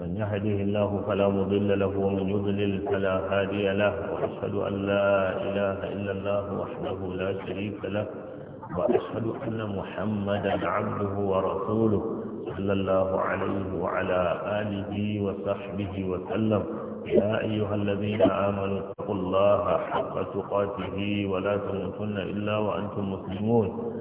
من يهده الله فلا مضل له ومن يضلل فلا هادي له وأشهد أن لا إله إلا الله وحده لا شريك له وأشهد أن محمدا عبده ورسوله صلى الله عليه وعلى آله وصحبه وسلم يا أيها الذين آمنوا اتقوا الله حق تقاته ولا تموتن إلا وأنتم مسلمون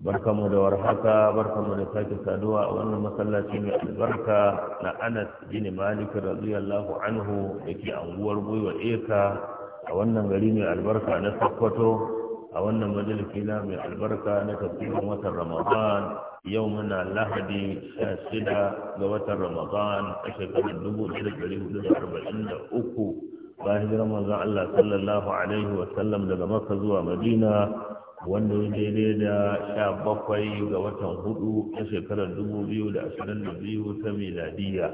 barkamu da warhaka barkamu da sake saduwa a wannan masallaci mai albarka na anas bin malik radiyallahu anhu da ke anguwar guiwa eka a wannan gari mai albarka na sokoto a wannan majalisi na mai albarka na tafsirin watan ramadan yau muna lahadi sha shida ga watan ramadan a shekarar dubu da ɗari hudu da arba'in da uku bayan hijirar manzon allah sallallahu alaihi wasallam daga maka zuwa madina wanda ya daidai da sha bakwai ga watan hudu na shekarar dubu biyu da ashirin da biyu ta miladiya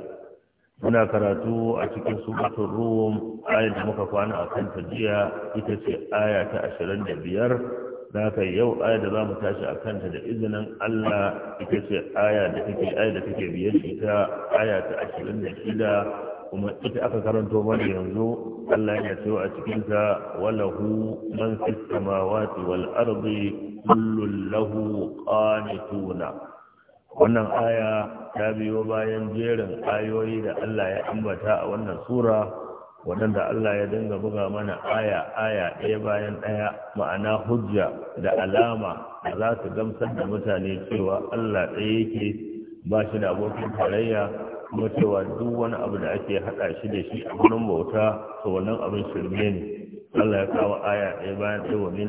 muna karatu a cikin sukatun ruwan ayar da muka kwana a kan jiya ita ce aya ta ashirin da biyar da aka yau aya da za mu tashi a kanta da izinin allah ita ce aya da take aya da biyar ita aya ta ashirin da shida kuma ita aka karanto mana yanzu Allah ya ce a cikin ta walahu man fi samawati wal ardi kullun lahu qanituna wannan aya ta biyo bayan jerin ayoyi da Allah ya ambata a wannan sura waɗanda Allah ya dinga buga mana aya aya ɗaya bayan ɗaya ma'ana hujja da alama da za su gamsar da mutane cewa Allah ɗaya yake ba shi da abokin tarayya kuma cewa duk wani abu da ake haɗa shi da shi a gurin bauta to wannan abin shirme ne Allah ya kawo aya ɗaya bayan ɗaya wa min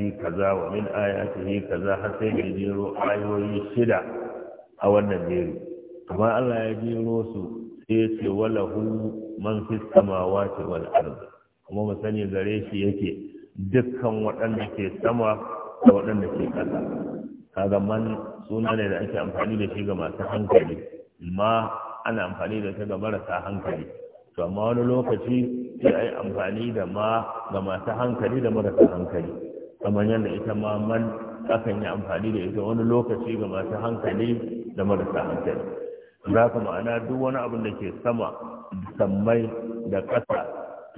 yi kaza wa min yi kaza har sai da jero ayoyi shida a wannan jeri amma Allah ya jero su sai ya ce hu man fi samawati wal ardi kuma mu sani gare shi yake dukkan waɗanda ke sama da waɗanda ke ƙasa kaga man suna ne da ake amfani da shi ga masu hankali ma ana amfani da ta ga marasa hankali to amma wani lokaci sai a yi amfani da ma ga masu hankali da marasa hankali kamar yadda ita ma man akan yi amfani da ita wani lokaci ga masu hankali da marasa hankali za ka ma'ana duk wani abin da ke sama sammai da kasa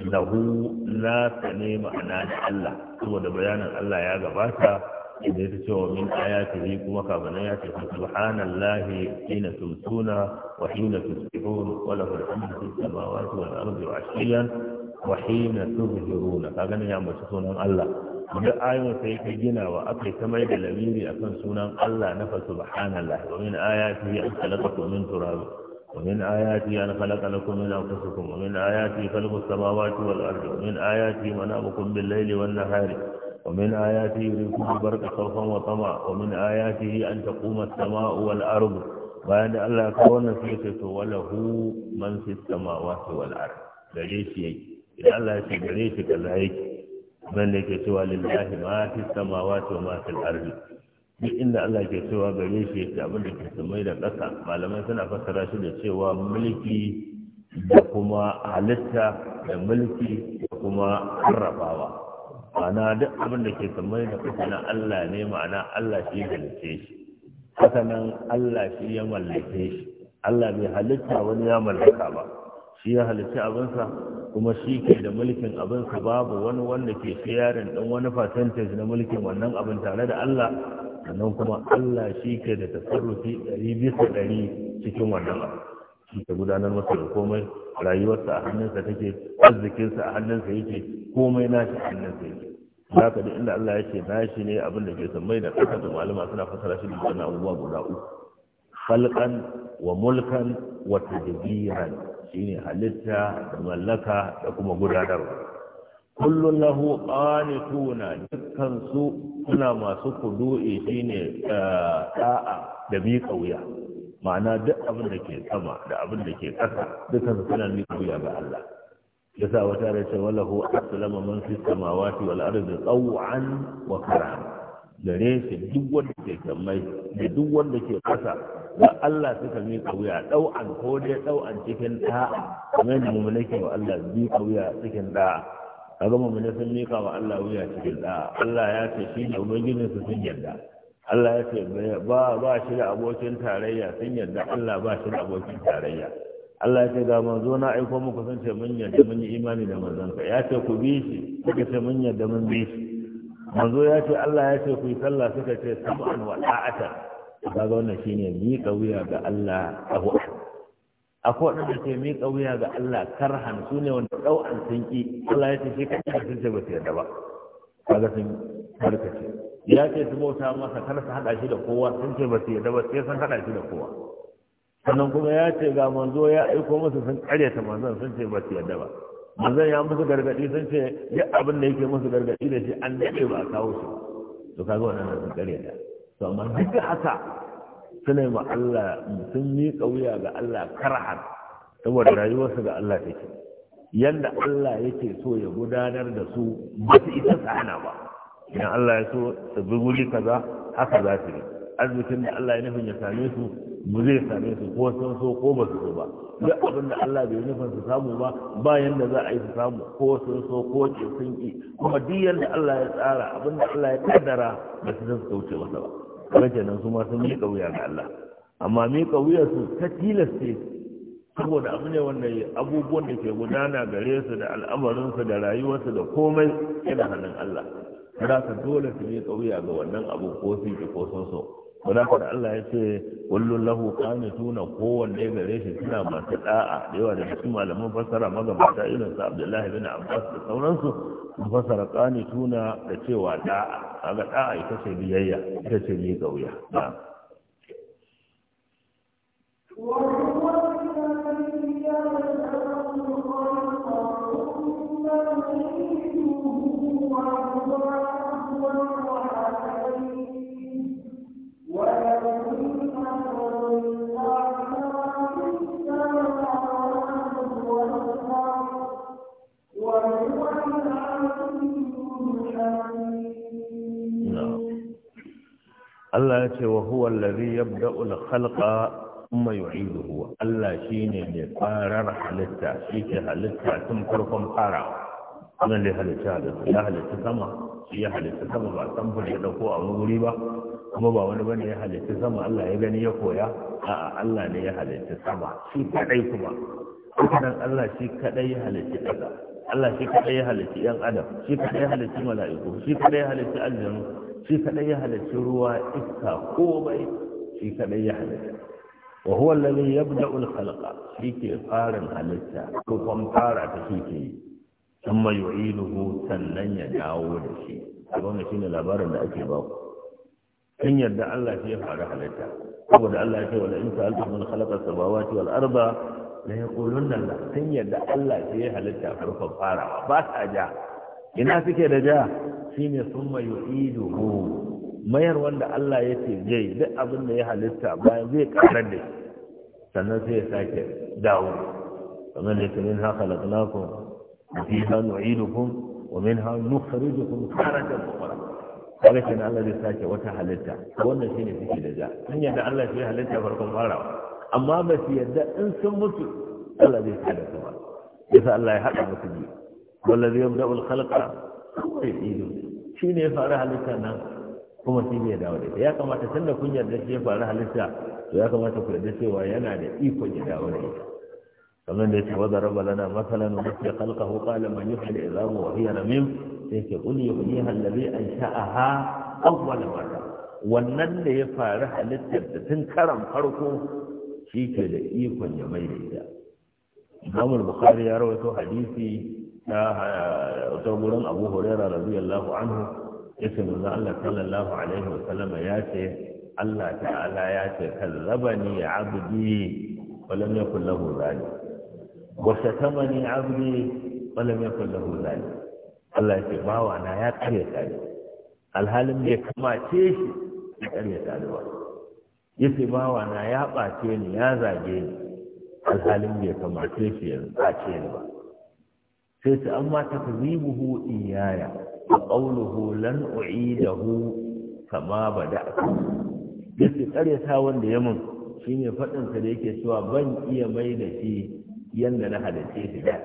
lahu nasa ne ma'ana da Allah saboda bayanan Allah ya gabata inda ya ce wa min ayatihi kuma kafin ya ce subhanallahi hina tumsuna wa hina tusbihun wa lahu al-hamdu samawati wal ardi wa ashiyan wa hina tuzhiruna kaga ne ya mace sunan Allah da ayon sai ka gina wa akai ta mai da lamiri akan sunan Allah na fa subhanallahi wa min ayatihi an khalaqakum min turab ومن آياته أن خلق لكم من أنفسكم ومن آياته خلق السماوات والأرض ومن آياته منامكم بالليل والنهار ومن آياته يريكم البرق خوفا وطمعا ومن آياته أن تقوم السماء والأرض بعد الله كون سيكت وله من في السماوات والأرض gare shi yake idan Allah ya ce gare shi kaza yake nan da ke cewa lillahi ma fi samawati wa ma fil duk inda Allah ke cewa gare shi yake abin da ke samai da ƙasa malamai suna fassara shi da cewa mulki da kuma halitta da mulki da kuma harrafawa ma'ana duk abin da ke tsammani da kuka na Allah ne ma'ana Allah shi halitta shi haka Allah shi ya mallake shi Allah bai halitta wani ya mallaka ba shi ya halitta abinsa kuma shi ke da mulkin abinsa babu wani wanda ke sharing ɗin wani percentage na mulkin wannan abin tare da Allah sannan kuma Allah shi ke da tasarrufi ɗari bisa ɗari cikin wannan abu shi ke gudanar masa da komai rayuwarsa a hannunsa take arzikinsa a hannunsa yake komai nashi a hannunsa yake za ka inda Allah ya ce nashi ne abin da ke sammai da ƙasa da malama suna fasara shi da wani abubuwa guda uku khalqan wa mulkan wa tadbiran shine halitta da mallaka da kuma gudanarwa kullun lahu qanituna dukkan su suna masu kudu'i shine eh, da'a da bi kauya ma'ana duk abin da ke sama da abin da ke ƙasa dukkan suna miƙa wuya ga Allah ya sa wata da ce walahu aslama man fi samawati wal ardi taw'an wa da gare shi duk wanda ke sammai da duk wanda ke ƙasa da Allah suka miƙa wuya ɗau'an ko dai ɗau'an cikin ɗa'a kamar yadda mu nake wa Allah bi wuya cikin da kaga gama mu sun miƙa wa Allah wuya cikin da Allah ya ce shi ne ubangijin su sun yarda Allah ya ce ba ba shi da abokin tarayya sun yarda Allah ba shi da abokin tarayya Allah ya ce ga manzo na aiko muku sun ce mun yarda mun yi imani da manzon ka ya ce ku bi shi kuka ce mun yarda mun bi shi manzo ya ce Allah ya ce ku yi sallah suka ce sab'an wa ta'atan ga wannan shine miƙa wuya ga Allah abu akwai waɗanda ke miƙa wuya ga Allah karhan su ne wanda ɗau'an sun ƙi Allah ya ce shi kaɗai sun ce ba su yadda ba kaga sun harkace ya ce su bauta masa kar su haɗa shi da kowa sun ce ba su yadda ba sai sun haɗa shi da kowa sannan kuma ya ce ga manzo ya aiko musu sun ta manzon sun ce ba su yadda ba manzon ya musu gargaɗi sun ce duk abin da yake musu gargaɗi da shi an daɗe ba a kawo shi to kaga wannan sun ta to amma duk da haka suna ma Allah sun miƙa wuya ga Allah karhar saboda rayuwarsu ga Allah take yanda Allah yake so ya gudanar da su ba su isa su ba idan Allah ya so su bi wuri kaza haka za su yi arzikin da Allah ya nufin ya same su mu zai same su ko sun so ko ba su so ba duk abin da Allah bai nufin su samu ba ba yanda za a yi su samu ko sun so ko ce sun ki kuma duk yadda Allah ya tsara abin da Allah ya kaddara ba su san su wuce masa ba kuma kenan su ma sun miƙa wuya ga Allah amma miƙa kauya su ta tilaste saboda abu ne wanda abubuwan da ke gudana gare su da al'amarinsu da rayuwarsu da komai yana hannun Allah kada ka dole su yi kauya ga wannan abu ko su yi ko sun so ka da Allah ya ce kullun lahu ko kowanne gare shi suna masu da'a da yawa da cikin malaman fassara magabata irin sa Abdullahi bin Abbas da sauransu fasara fassara tuna da cewa da'a kaga da'a ita ce biyayya ita ce yi kauya وهو الذي Allah ya ce wa huwa allazi yabda'u al-khalqa thumma yu'iduhu Allah shi ne mai farar halitta shi ke halitta tun farkon farawa wannan ne halitta halitta ya halitta sama shi ya halitta sama ba san fulke da ko a wuri ba kuma ba wani bane ya halitta sama Allah ya gani ya koya a'a Allah ne ya halitta sama shi kadai kuma nan Allah shi kadai ya halitta kaza Allah shi kadai ya halitta yan adam shi kadai ya halitta mala'iku shi kadai ya halitta aljanu shi kadai ya halarci ruwa iska komai shi kadai ya halarci wa huwa alladhi yabda'u al-khalqa shi ke farin halitta ko kuma fara ta shi ke amma yu'iduhu sannan ya dawo da shi wannan shine labarin da ake ba ku in yarda Allah shi ya fara halitta saboda Allah ya ce wala in sa'altu man khalaqa as-samawati wal arda la yaqulunna la kan yarda Allah shi ya halitta farkon farawa ba sa ja ina suke da ja shine summa yu'iduhu mayar wanda Allah ya ce zai duk abin da ya halitta bayan zai karar da sannan sai ya sake dawo kamar da kullun ha khalaqnakum fiha nu'idukum wa minha nukhrijukum taratan ukhra kaga kenan Allah zai sake wata halitta wannan shine suke da ja sun yadda Allah shi halitta farkon farawa amma ba su yadda in sun mutu Allah zai sake da kuma yasa Allah ya haɗa musu biyu wallazi yabda ul khalqa kawai ido shi ne ya fara halitta nan kuma shi ne ya dawo da ita ya kamata tunda kun yarda shi ya fara halitta to ya kamata ku yarda cewa yana da ikon ya dawo da ita kamar da yake wadda raba lana masalan wa fi khalqahu qala man yuhyi al-izama wa hiya ramim sai ke qul yuhyiha allazi ansha'aha awwal marra wannan da ya fara halitta da tun karan farko shi ke da ikon ya mai da ita Imam Bukhari ya rawaito hadisi Eh, ta wata gurin abu an hu anhu yace manzo Allah sallallahu alaihi wa sallam ya ce Allah ta'ala ya ce kallabani abdi wala lam yakul lahu zalik wa ni abdi wa lam yakul lahu zalik Allah ya ce bawa na ya kare tare alhalin bai kamace shi ya kare tare ba yace bawa na ya ɓace ni ya zage ni alhalin bai kamace shi ya bace ni ba sai su amma takzibuhu iyaya a ƙaunuhu lan hu kama ba da. su tsare ta wanda ya mun shine ne faɗinsa da yake cewa ban iya mai da shi yadda na halice shi da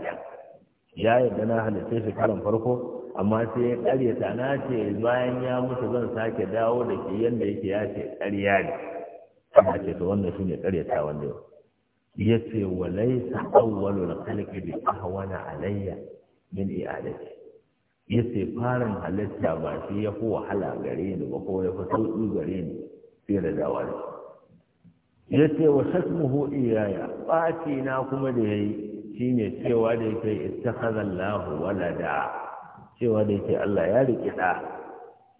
ya yadda na halice shi karan farko amma sai ya karyata na ce bayan ya mutu zan sake dawo da shi yadda yake ya ce karya ne ana ce to wannan tsare ta wanda ya ya ce wa laisa awwalul khalqi bi ahwana alayya min i'adati ya ce farin halitta ba shi ya fi wahala gare ni ba ko ya fi sauƙi gare ni fi da dawari. ya ce wa shasmuhu iyaya ɓaci na kuma da ya yi shi ne cewa da yake ittakhadha Allahu walada cewa da yake Allah ya riƙi ɗa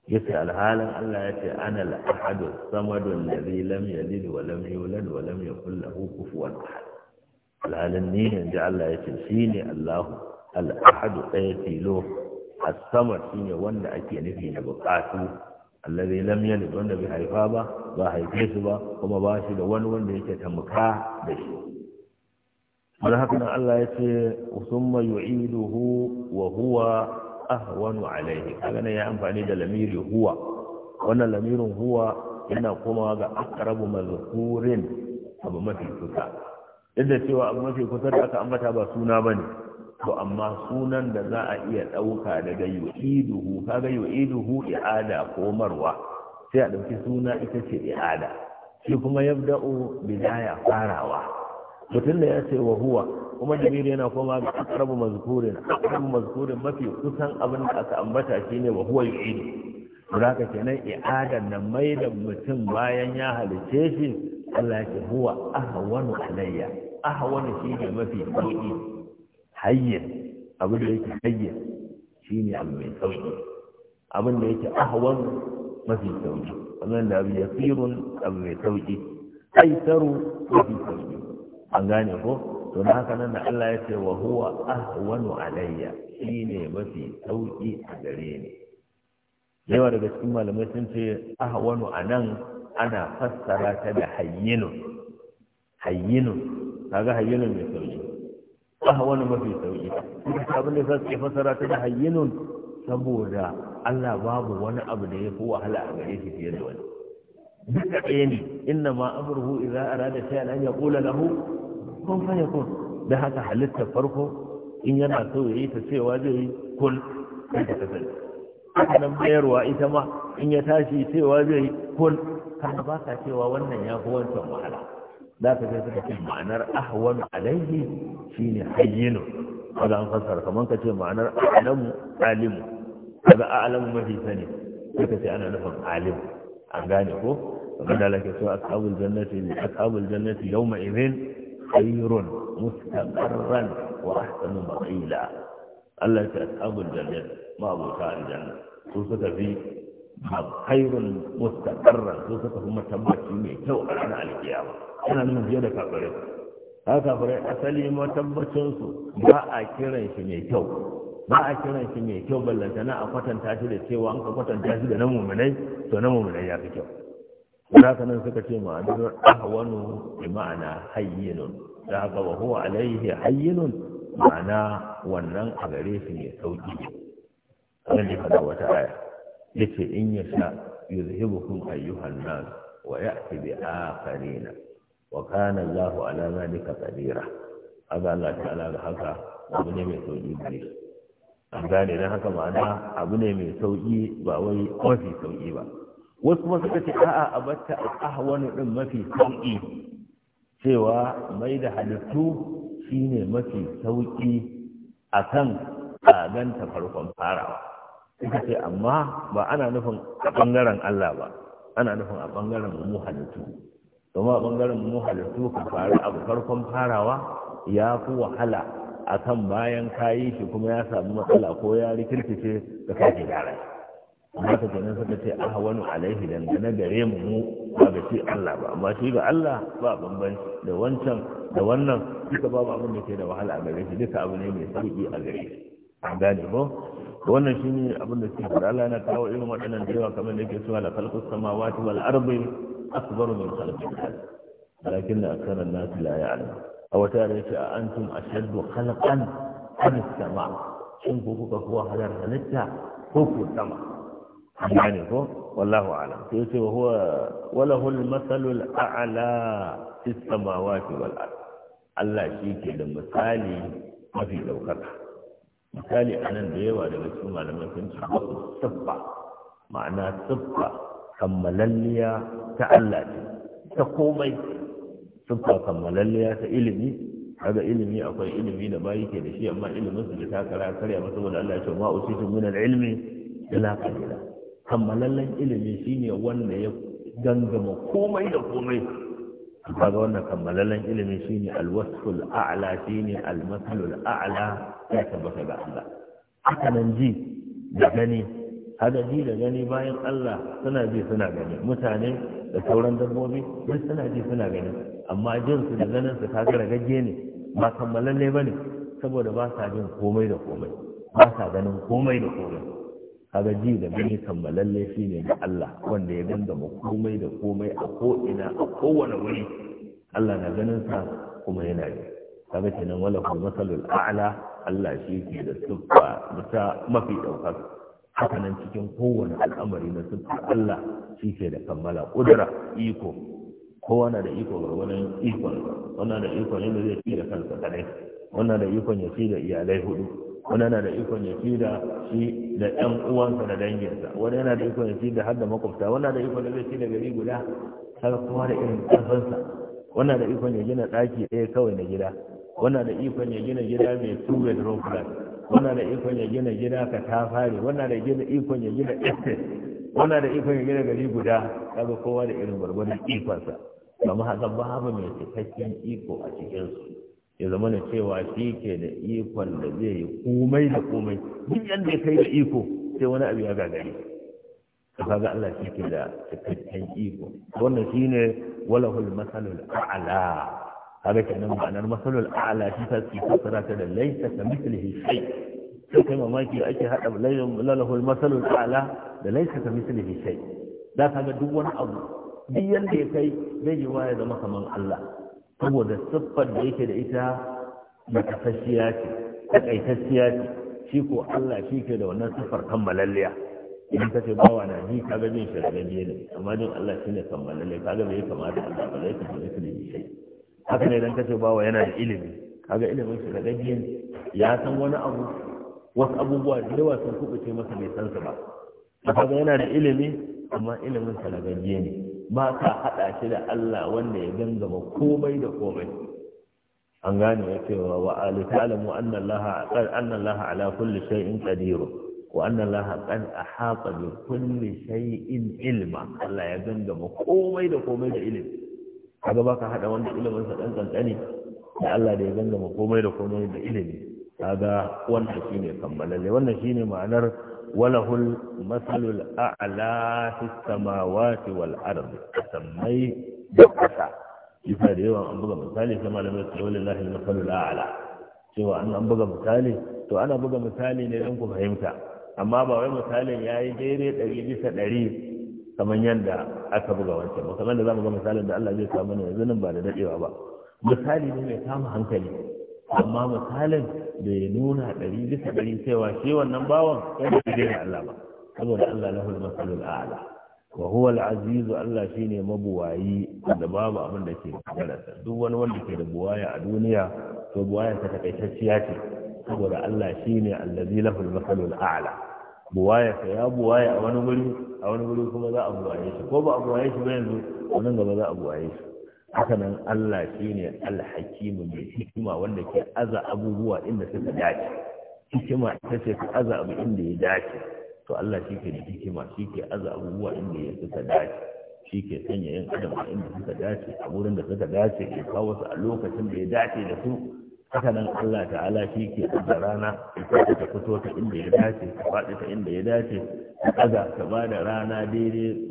yace alhalin Allah yace ana al-ahad as-samad alladhi lam yalid wa lam yulad wa lam yakul lahu kufuwan ahad alhalin ni ne da Allah yace shine Allah al-ahad ɗaya tilo as-samad shine wanda ake nufi na bukatu alladhi lam yalid wanda bai haifa ba ba haife su ba kuma ba shi da wani wanda yake tamka da shi har haka Allah yace usumma yu'iduhu wa huwa ahwanu alaihi kaga nan ya amfani da lamiri huwa wannan lamirin huwa yana komawa ga aqrabu mazkurin abu mafi kusa duk cewa abu mafi kusa da aka ambata ba suna bane to amma sunan da za a iya ɗauka daga yu'iduhu kaga yu'iduhu i'ada komarwa sai a ɗauki suna ita ce i'ada shi kuma yabda'u bidaya farawa mutum da ya ce wa huwa kuma jamir yana koma ga akrabu mazkurin akrabu mazkurin mafi kusan abin da aka ambata shine wa huwa yu'idu buraka kenan i'adan nan mai da mutum bayan ya halice shi Allah ya huwa ahwanu alayya ahwanu shine mafi sauki hayyin abin da yake hayyin shine abu mai sauki abin da yake wani mafi sauki wannan da abu yasirun abu mai sauki aitaru mafi sauki an gane ko to na haka nan da Allah ya ce wa huwa ahwanu alayya shine mafi sauki a gare ni yawa daga cikin malamai sun ce ahwanu anan ana fassara ta da hayyinu hayyinu kaga hayyinu mai sauki ahwanu mafi sauki abin da sai fassara ta da hayyinu saboda Allah babu wani abu da ya fi wahala a gare shi fiye da wani duka ɗaya ne inna ma amruhu idza arada shay'an an yaqula lahu يكون فيكون ده هذا حل التفرق إن ينا سوي عيسى سوى وادي كل أنت كفل أنا مير وإيسى ما إن يتاشي سوى وادي كل كان باسا سوى وانا يهو أنت ومعلا لا تكفل كم معنى أهون عليه فين حيينه هذا أنقصر كمان كتير معنى أعلم عالم هذا أعلم ما في ثاني كتير أنا لهم عالم أنا قاني فوق فبدأ لك سوى أصحاب الجنة أصحاب الجنة يومئذ khairun mustaqarran wa ahsanu maqila Allah ta ashabul jannah ma abuta aljanna su suka fi khairun mustaqarran su suka matabbaci mai kyau a ranar alkiyama yana nuna fiye da kafirai haka kafirai asali matabbacinsu su ba a kiran shi mai kyau ba a kiran shi mai kyau ballantana a kwatanta shi da cewa an ka kwatanta shi da na muminai to na muminai ya fi kyau da nan suka ce ma'anar ahwanu bi ma'ana hayyinun da wa huwa alaihi hayyinun ma'ana wannan a gare shi ne sauki kan ne fada wata aya yace in ya sha yuzhibukum ayyuhan nas wa ya'ti bi akharina wa kana Allah ala zalika qadira haka Allah ta'ala ga haka abu ne mai sauki gare an gane dan haka ma'ana abu ne mai sauki ba wai mafi sauki ba wasu kuma suka ce a'a a batta ahwanu din mafi sauƙi cewa mai da halittu shine mafi sauƙi a kan ganta farkon farawa suka ce amma ba ana nufin a ɓangaren Allah ba ana nufin a ɓangaren mu halittu domin a ɓangaren mu halittu ka faru abu farkon farawa ya fi wahala a kan bayan kayi shi kuma ya samu matsala ko ya rikirkice da kake gyara shi amma ta kenan suka ce a ah, wani alaihi dangane gare mu mu ba ga shi Allah ba amma shi ga Allah ba bambanci da wancan da wannan duka babu abin da ke da wahala a gare shi duka abu ne mai sauki a gare shi an gane ko wannan shi ne abin da suke fara Allah na kawo irin waɗannan da yawa kamar da yake cewa la khalqus samawati wal ardi akbaru min khalqil khalq lakin akthara an-nas la ya'lam aw ta yace a antum ashaddu khalqan am as-sama' shin ku kuka kuwa halar halitta ko ku sama an gane ko wallahu alam sai ce huwa walahul masalul a'la fi samawati wal ard Allah shi ke da misali mafi daukaka misali anan da yawa daga cikin malaman sun ce wasu siffa ma'ana siffa kammalalliya ta Allah ce ta komai siffa kammalalliya ta ilimi kaga ilimi akwai ilimi da bayi ke da shi amma ilimin su da takara karya masa wanda Allah ya ce ma usitu min al-ilmi ila qalila kammalallen ilimi shine wanda ya gangama komai da komai ga wannan kammalallen ilimi shine alwasful a'la shine almasalul a'la ya tabbata ga Allah haka nan ji da gani haka ji da gani bayan Allah suna ji suna gani mutane da sauran dabbobi duk suna ji suna gani amma jin su da ganin su kaga ragagge ne ba kammalalle bane saboda ba sa jin komai da komai ba sa ganin komai da komai kaga ji da gani kammalalle shi ne ga Allah wanda ya gangama komai da komai a ko'ina a kowane wuri Allah na ganin sa kuma yana ji kaga nan wala hu masalul a'la Allah shi ke da siffa mata mafi ɗaukar haka nan cikin kowane al'amari na siffa Allah shi ke da kammala kudura iko kowa na da iko wani ikon wannan da ikon yadda zai ci da kansa kadai wannan da ikon ya ci da iyalai hudu wani yana da ikon ya fi da shi da ɗan uwansa da danginsa wani yana da ikon ya fi da har da makwabta wani da ikon da zai fi da gari guda har kowa da irin ƙarfansa wani da ikon ya gina ɗaki ɗaya kawai na gida wani da ikon ya gina gida mai two bedroom flat wani da ikon ya gina gida katafare wani da gina ikon ya gina estate wani da ikon ya gina gari guda kaga kowa da irin gwargwadon ikonsa kamar haka babu mai cikakken iko a cikinsu ya zama na cewa shi ke da ikon da zai yi komai da komai duk yadda ya kai da iko sai wani abu ya gagare ka kaga Allah shi ke da cikakken iko wannan shi ne walahul masalul a'la kaga kenan ma'anar masalul a'la shi ta ce fasara ta da laisa ka mislihi shay sai kai mamaki ake haɗa walahul masalul a'la da laisa ka mislihi shay da ga duk wani abu duk yadda ya kai zai yi waye zama kamar Allah saboda siffar da yake da ita matafasiya ce takaitacciya ce shi ko Allah shi ke da wannan siffar kammalalliya idan ka ce bawa na ji ka gabin shi da gajiye ne amma jin Allah shi ne kammalalle ka ga bai kamata Allah ba zai kamar su da shi haka ne idan ka ce bawa yana da ilimi kaga ilimin shi da gajiye ne ya san wani abu wasu abubuwa da yawa sun kubuce masa bai san su ba kaga yana da ilimi amma ilimin sa da gajiye ne ba ka haɗa shi da Allah wanda ya gangama komai da komai an gane ya ce wa wa alamu anna Allah anna Allah ala kulli shay'in qadir wa anna Allah qad ahata bi kulli shay'in ilma Allah ya gangama komai da komai da ilimi kaga ba ka haɗa wanda ilimin sa ɗan kankani da Allah da ya gangama komai da komai da ilimi kaga wannan shine kammalalle wannan shine ma'anar وله المثل الأعلى في السماوات والأرض أسمي بكتا يفادي يوان أنبغى مثالي كما لم يتعول لله المثل الأعلى سوى أن أنبغى مثالي تو أنا أنبغى مثالي لأنكم فهمتا أما بغى مثالي يا إجيري تجيبي سنري kamar yadda aka buga wancan ba kamar da za mu ga misalin da Allah zai samu ne yanzu nan ba amma misalin da ya nuna ɗari bisa ɗari cewa shi wannan bawan yana da Allah ba saboda Allah lahul masalul a'la wa huwa al-aziz Allah shine mabuwayi da babu abin da ke sa duk wani wanda ke da buwaya a duniya to buwaya ta takaitacciya ce saboda Allah shine allazi lahul masalul a'la buwaya ka ya buwaya a wani guri a wani guri kuma za a buwaye shi ko ba a buwaye shi ba yanzu nan gaba za a buwaye shi haka nan Allah ne alhakimu mai hikima wanda ke aza abubuwa inda suka dace hikima ita ce ka aza abu inda ya dace to Allah shi ke da hikima shi ke aza abubuwa inda ya suka dace shi ke sanya yin adam a inda suka dace a wurin da suka dace ya kawo su a lokacin da ya dace da su haka nan Allah ta'ala shi ke aza rana ita ta fito ta inda ya dace ta faɗi ta inda ya dace ta aza ta ba da rana daidai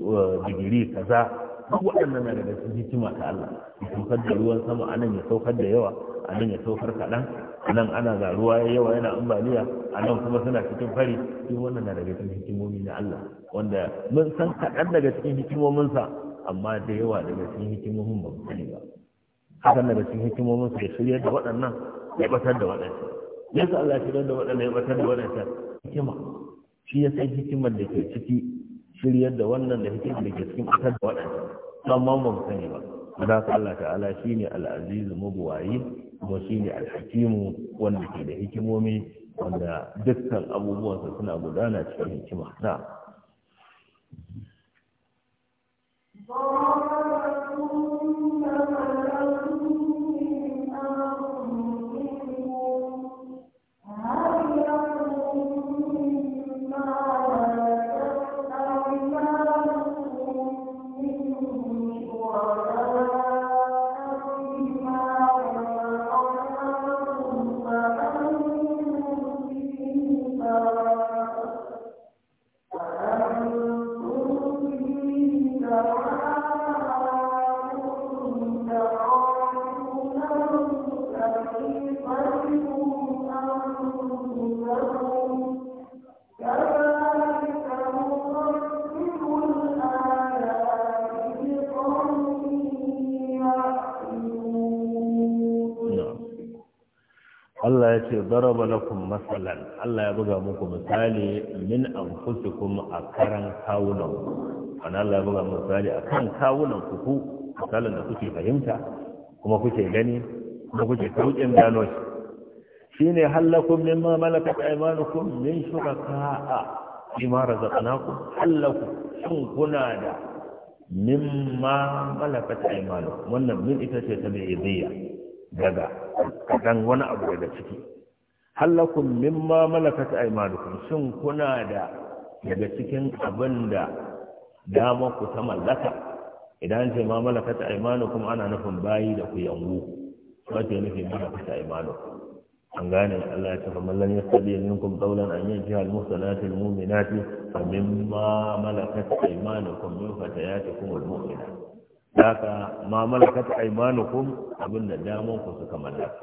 digiri kaza duk waɗannan na daga cikin hikima ta Allah ya saukar da ruwan sama a nan ya saukar da yawa a nan ya saukar kaɗan a nan ana ga ruwa ya yawa yana ambaliya a nan kuma suna cikin fari shi wannan na daga cikin hikimomi na Allah wanda mun san kaɗan daga cikin hikimominsa amma da yawa daga cikin hikimomin ba mu sani ba hakan daga cikin hikimominsa ya shirya da waɗannan ya ɓatar da Me yasa Allah ya shirya da waɗannan ya ɓatar da waɗannan hikima shi ya san hikimar da ke ciki shiryar da wannan da hikimar da ke cikin fitar da waɗanda amma ba mu sani ba da ka Allah ta'ala shi ne aziz mubwayi kuma shi ne alhakimu wanda ke da hikimomi wanda dukkan abubuwansa suna gudana cikin hikima na ce daraba lakum masalan Allah ya buga muku misali min anfusikum a karan kawunan Wani Allah ya buga muku misali a kan kawunan ku ku misalin da kuke fahimta kuma kuke gani kuma kuke saukin gano shi shine halakum mimma malakat aymanukum min shuraka'a bima razaqnakum halakum shin kuna da mimma malakat aymanukum wannan min ita ce tabi'iyya daga kadan wani abu daga ciki halakum mimma malakat aymanukum sun kuna da daga cikin abin da dama ku ta mallaka idan ce ma malakat aymanukum ana nufin bayi da ku yangu ba nufin malakat aymanukum an gane Allah ya tafa mallan ya sabi minkum daular an yin jihar muhsanati al mu'minati fa mimma malakat aymanukum min fatayatikum al mu'minat daga mamalakat malakat aymanukum abin da damanku ku suka mallaka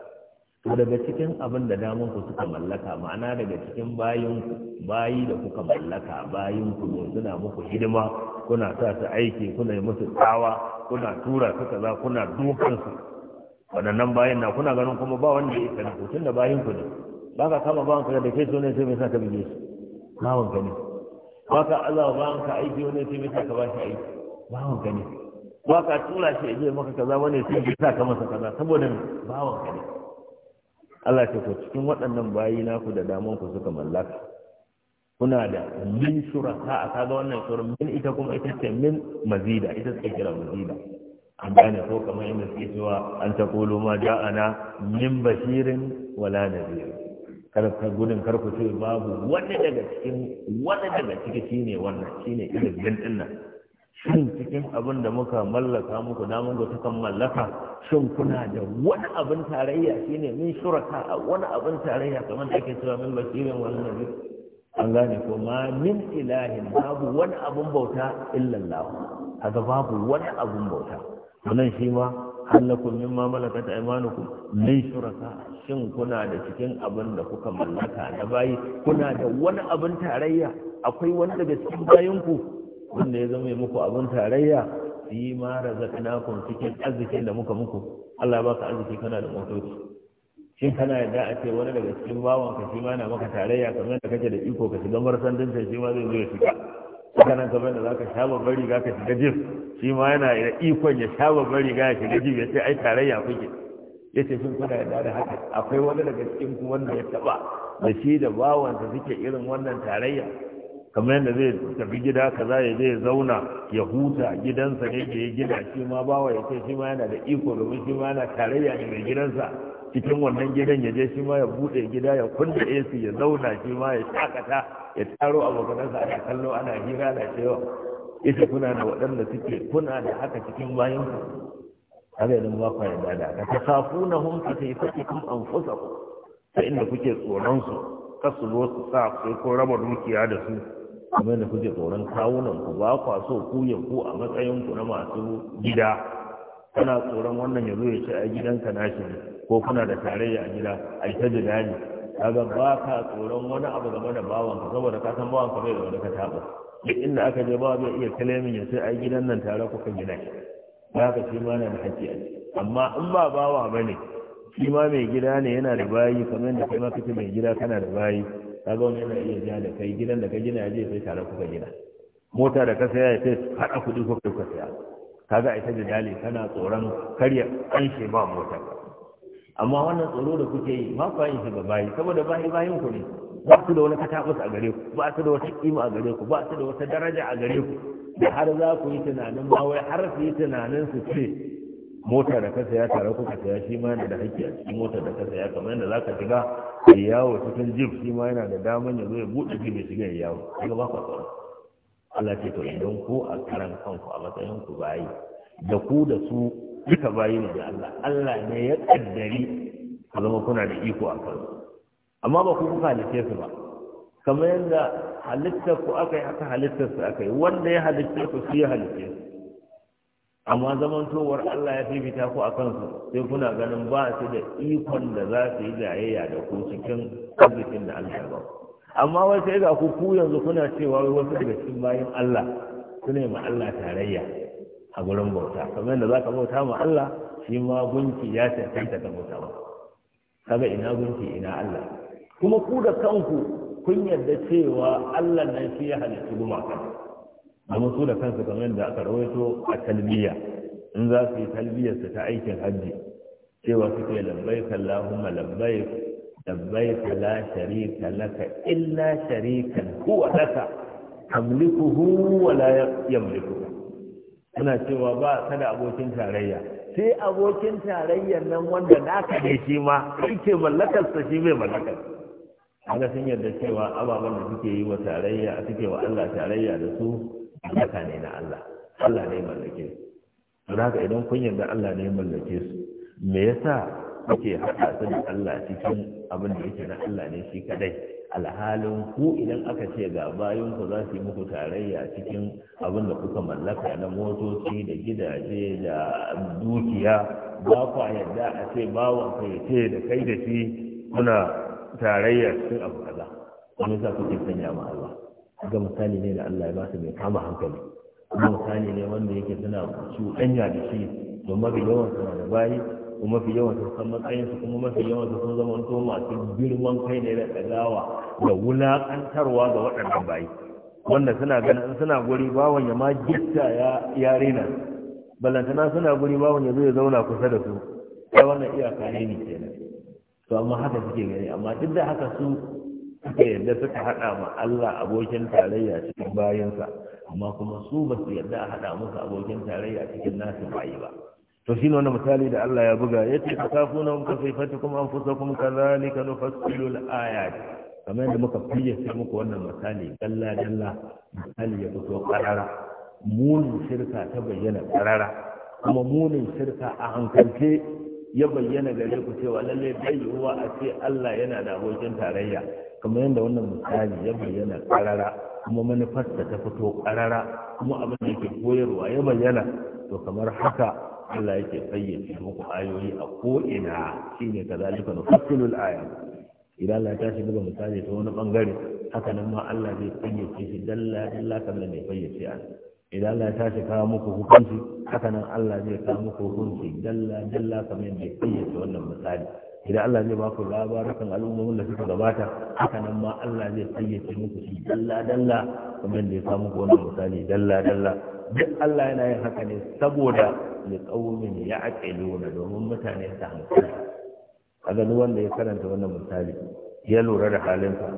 to daga cikin abin da damanku ku suka mallaka ma'ana daga cikin bayin bayi da kuka mallaka bayin ku ne suna muku hidima kuna sa su aiki kuna yi musu tsawa kuna tura su kaza kuna dukan su waɗannan bayan na kuna ganin kuma ba wanda ya kana hutun da bayin ku ne ba ka kama ba ka da kai so ne sai mai sa ka bige shi bawan ka ne ba ka azawa bawan aiki wani sai mai sa ka ba shi aiki ba ka ne ba ka tura shi ya maka kaza wani sai ya sa ka masa kaza saboda bawan ka ne Allah ce ko cikin waɗannan bayi naku da daman ku suka mallaka kuna da min shuraka a kaga wannan shurun min ita kuma ita ce min mazida ita ce kira mazida an gane ko kamar yadda suke cewa an ta kolo ma ja'ana min bashirin wala nadir kar ka gudun kar ku ce babu wani daga cikin wani daga ciki shine wannan shine irin din nan shin cikin abin da muka mallaka muku na muku ta kan mallaka shin kuna da wani abin tarayya shine min shuraka a wani abin tarayya kamar da ake cewa min basirin wani nabi an gane ko ma min ilahin babu wani abin bauta illallah haka babu wani abin bauta wannan shi ma halakum mimma malakat aymanukum min shuraka shin kuna da cikin abin da kuka mallaka da bayi kuna da wani abin tarayya akwai wani daga cikin bayinku wanda ya zama muku abin tarayya fi ma razaqnakum cikin arzikin da muka muku Allah ba ka arziki kana da motoci shin kana yadda a ce wani daga cikin bawan ka shi ma na maka tarayya kamar da kake da iko ka shiga marasan dinta shi ma zai zo ya shiga haka nan kamar da zaka sha babbar riga ka shiga jif shi ma yana da ikon ya sha babbar riga ya shiga jif ya ce ai tarayya kuke ya ce shin kuna yadda da haka akwai wani daga cikin ku wanda ya taba da shi da bawansa suke irin wannan tarayya kamar yadda zai tafi gida kaza ya zai zauna ya huta gidansa ne da ya gina shi ma bawa ya ce shi ma yana da iko domin shi ma yana tarayya ne mai gidansa cikin wannan gidan ya je shi ma ya bude gida ya kunna AC ya zauna shi ma ya shakata ya taro a abokanansa ana kallo ana hira ana cewa ita kuna da waɗanda suke kuna da haka cikin bayan ku haka yanzu ba ku yarda da ta safu na hun ka sai kan kum ku. sai inda kuke tsoron su kasu zo su sa ko raba dukiya da su kamar da kuke tsoron kawunan ku ba kwa so ku ya ku a matsayin ku na masu gida kana tsoron wannan ya zo ya ce a gidanka nashi ko kuna da tarayya a gida a ita da dani kaga ba ka tsoron wani abu game da bawanka saboda ka san bawanka bai da wani ka taba duk inda aka je ba zai iya kalemin ya sai a gidan nan tare kuka gina shi Ba ka ce ma na da haƙƙi a amma in ba bawa ba ne shi ma mai gida ne yana da bayi kamar yadda kai ma kake mai gida kana da bayi kaga wani yana iya jiya da kai gidan da ka gina ya je sai tare kuka gina mota da ka saya ya sai haɗa kuɗi kai kuka saya kaga a ita da dali kana tsoron karya ƙanshe ba mota amma wannan tsoro da kuke yi ma ku yi ba bayi saboda bayi bayin ku ne ba su da wani katabus a gare ku ba su da wata kima a gare ku ba su da wata daraja a gare ku da har za ku yi tunanin ma wai har su yi tunanin su ce mota da ka saya tare kuka saya shi ma yana da haƙƙi a cikin motar da ka saya kamar yadda za ka shiga ya yawo cikin jif shi ma yana da daman ya zo ya buɗe jif ya shiga ya yawo kaga ba ka tsoro Allah ce to idan ko a karan kanku a matsayin ku bayi da ku da su duka bayi ne da Allah Allah ne ya kaddari ku zama kuna da iko a kan amma ba ku kuka halitta su ba kamar yadda halittar ku aka yi aka halittar su aka yi wanda ya halitta ku shi ya halitta su amma zaman towar Allah ya fifita ku a kansu sai kuna ganin ba su da ikon da za su yi jayayya da ku cikin arzikin da Allah ya ba amma wai sai ga ku ku yanzu kuna cewa wai wasu daga cikin bayan Allah su ne ma Allah tarayya a gurin bauta kamar yadda za ka bauta ma Allah shi ma gunki ya cancanta ta bauta ba kaga ina gunki ina Allah kuma ku da kanku kun yarda cewa Allah nan shi ya halitta gumaka amma su da kansu kan yadda aka rawaito a talbiya in za su yi talbiyarsa ta aikin hajji cewa suke labbai kallahumma labbai labbai kala sharika laka illa sharikan kuwa laka tamlikuhu huwa la yamlikuhu Muna cewa ba kada abokin tarayya sai abokin tarayyar nan wanda naka ne shi ma kai ke mallakarsa shi bai mallakarsa haka sun yarda cewa ababen da suke yi wa tarayya suke wa Allah tarayya da su alaka ne na Allah Allah ne mallake su don haka idan kun yarda Allah ne mallake su me yasa kuke haɗa su da Allah cikin abin da yake na Allah ne shi kadai alhalin ku idan aka ce ga bayan ku za su yi muku tarayya cikin abin da kuka mallaka na motoci da gidaje da dukiya ba ku yarda a ce kai ce da kai da shi kuna tarayya cikin abu kaza wani sa kuke sanya ma Allah ga misali ne da Allah ya ba su mai kama hankali kuma misali ne wanda yake suna cuɗanya da shi don mafi yawan suna da bayi kuma mafi yawan sun san matsayin su kuma mafi yawan sun zama to masu girman kai ne da ɗagawa da wulaƙantarwa ga waɗannan bayi wanda suna ganin suna guri bawon ya ma gitta ya rena balantana suna guri bawon ya zo ya zauna kusa da su sai wannan iyaka ne ne kenan to amma haka suke gani amma duk da haka su suka yadda suka haɗa ma Allah abokin tarayya cikin bayansa amma kuma su ba su yadda a haɗa musu abokin tarayya cikin nasu bayi ba to shi ne wani misali da Allah ya buga ya ce ka kafu na muka faifata kuma an fusa kuma ka zane ka nufa silul ayat kamar yadda muka fiye sai muku wannan misali dalla dalla misali ya fito karara munin shirka ta bayyana karara kuma munin shirka a hankalce ya bayyana gare ku cewa lallai bai yiwuwa a ce Allah yana da abokin tarayya kamar yadda wannan misali ya bayyana ƙarara, kuma manufarsa ta fito ƙarara, kuma abin da yake koyarwa ya bayyana to kamar haka Allah yake fayyace muku ayoyi a ko'ina shi ne ka zalika na fasilul aya idan Allah ta shiga misali ta wani bangare haka nan ma Allah zai fayyace shi dalla dalla kamar mai fayyace an idan Allah ta shiga kawo muku hukunci haka nan Allah zai kawo muku hukunci dalla dalla kamar mai fayyace wannan misali idan Allah zai ba ku labarukan al'ummomin da suka gabata haka nan ma Allah zai fayyace muku shi dalla dalla kuma da ya samu ku wannan misali dalla dalla duk Allah yana yin haka ne saboda ya ake ya'qiluna domin mutane su hankali kaga duk wanda ya karanta wannan misali ya lura da halinsa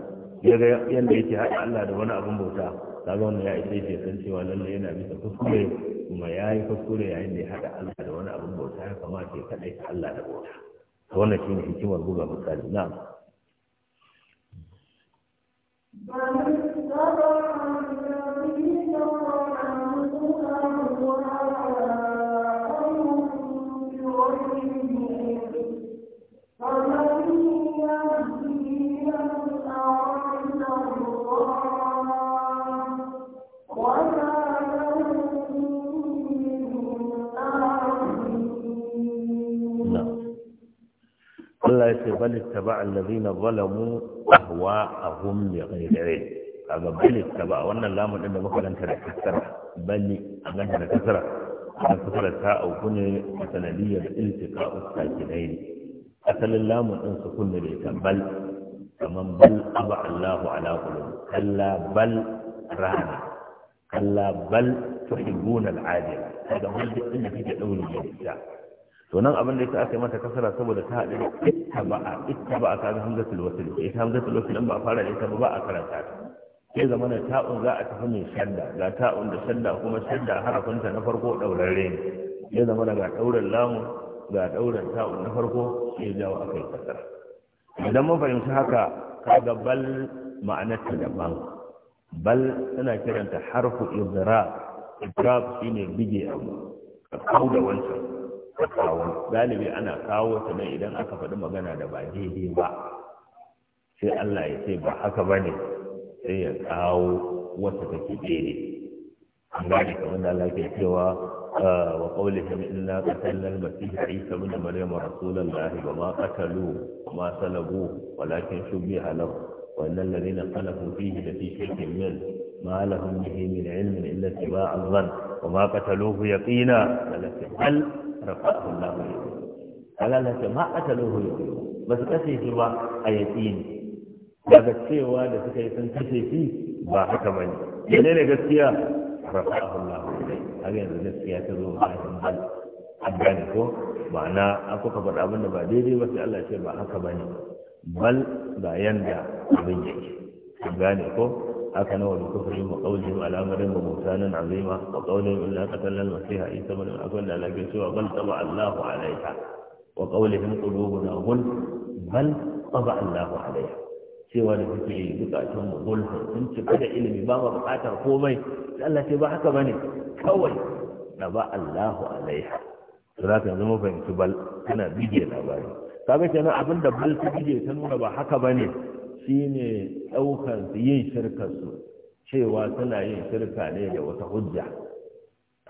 ya ga yanda yake haɗa Allah da wani abin bauta kaga wannan ya isa ya san cewa lalle yana bisa kuskure kuma ya yi kuskure yayin da ya haɗa Allah da wani abin bauta ya kamata ya ka Allah da bauta to wannan shine hikimar buga misali na'am Thank you. Allah ya ce bal ittaba allazina zalamu ahwa'ahum bi ghairi ilm kaga bal ittaba wannan lamun din da muka danta da kasara bali a ganta da kasara da kasara ta auku ne sanadiyar iltiqa'u sakinain asalin lamun din su kunne da ita bal kaman bal aba Allahu ala qulub kalla bal rana kalla bal tuhibbuna al-ajil kaga wannan din da kike dauri da ita to nan abin da yake aka yi mata kasara saboda ta haɗu ita ba a ita ba a kaga hamzatul ko ita hamzatul wasl eh, ba a fara da ita ba ba a karanta ta sai zamanin ta'un za a tafi mai shadda ga ta'un da shadda kuma shadda harafinta na farko ɗaurarre ne sai zamanin ga ɗaurin lamu ga ɗaurin ta'un na farko sai jawo aka yi kasara idan mun fahimci haka kaga bal ma'anarta daban bal tana kiranta harfu idra idra shine bige abu kau kauda wancan a kawo galibi ana kawo ta nan idan aka faɗi magana da ba daidai ba sai Allah ya ce ba haka ba ne sai ya kawo wata take daidai an gane kamar da Allah ke cewa ah, wa qawlihim inna qatalna al-masih isa ibn maryam rasulullah wa ma qatalu wa ma salabu walakin shubiha lahu wa innal ladina qalafu fihi lafi shakkin min ما لهم به من علم إلا اتباع الظن وما قتلوه يقينا بل rafa'ahu Allah Allah ya ce ma ataluhu ba su kashe shi ba a yaqini daga cewa da suka yi sun kashe shi ba haka ba bane menene gaskiya rafa'ahu Allah har yanzu gaskiya ta zo ba hal an gane ko ma'ana an kuka faɗa abin da ba daidai ba sai Allah ce ba haka ba ne. bal ga yanda abin yake an gane ko هكذا وبكفرهم وقولهم على أمر وبهتانا عظيما وقولهم إلا قتلنا المسيح عيسى بن مريم لكن سوى بل طبع الله عليها وقولهم قلوبنا غل بل طبع Allahu عليها cewa da suke yi bukatun mu gulfin sun ci da ilimi ba ma bukatar komai Allah ce ba haka bane kawai da ba Allahu alaiha to za zama fahimci bal tana bige labari kaga kenan abin da bal ta bige ta nuna ba haka bane shine ɗaukar yin shirkarsu cewa suna yin shirka ne da wata hujja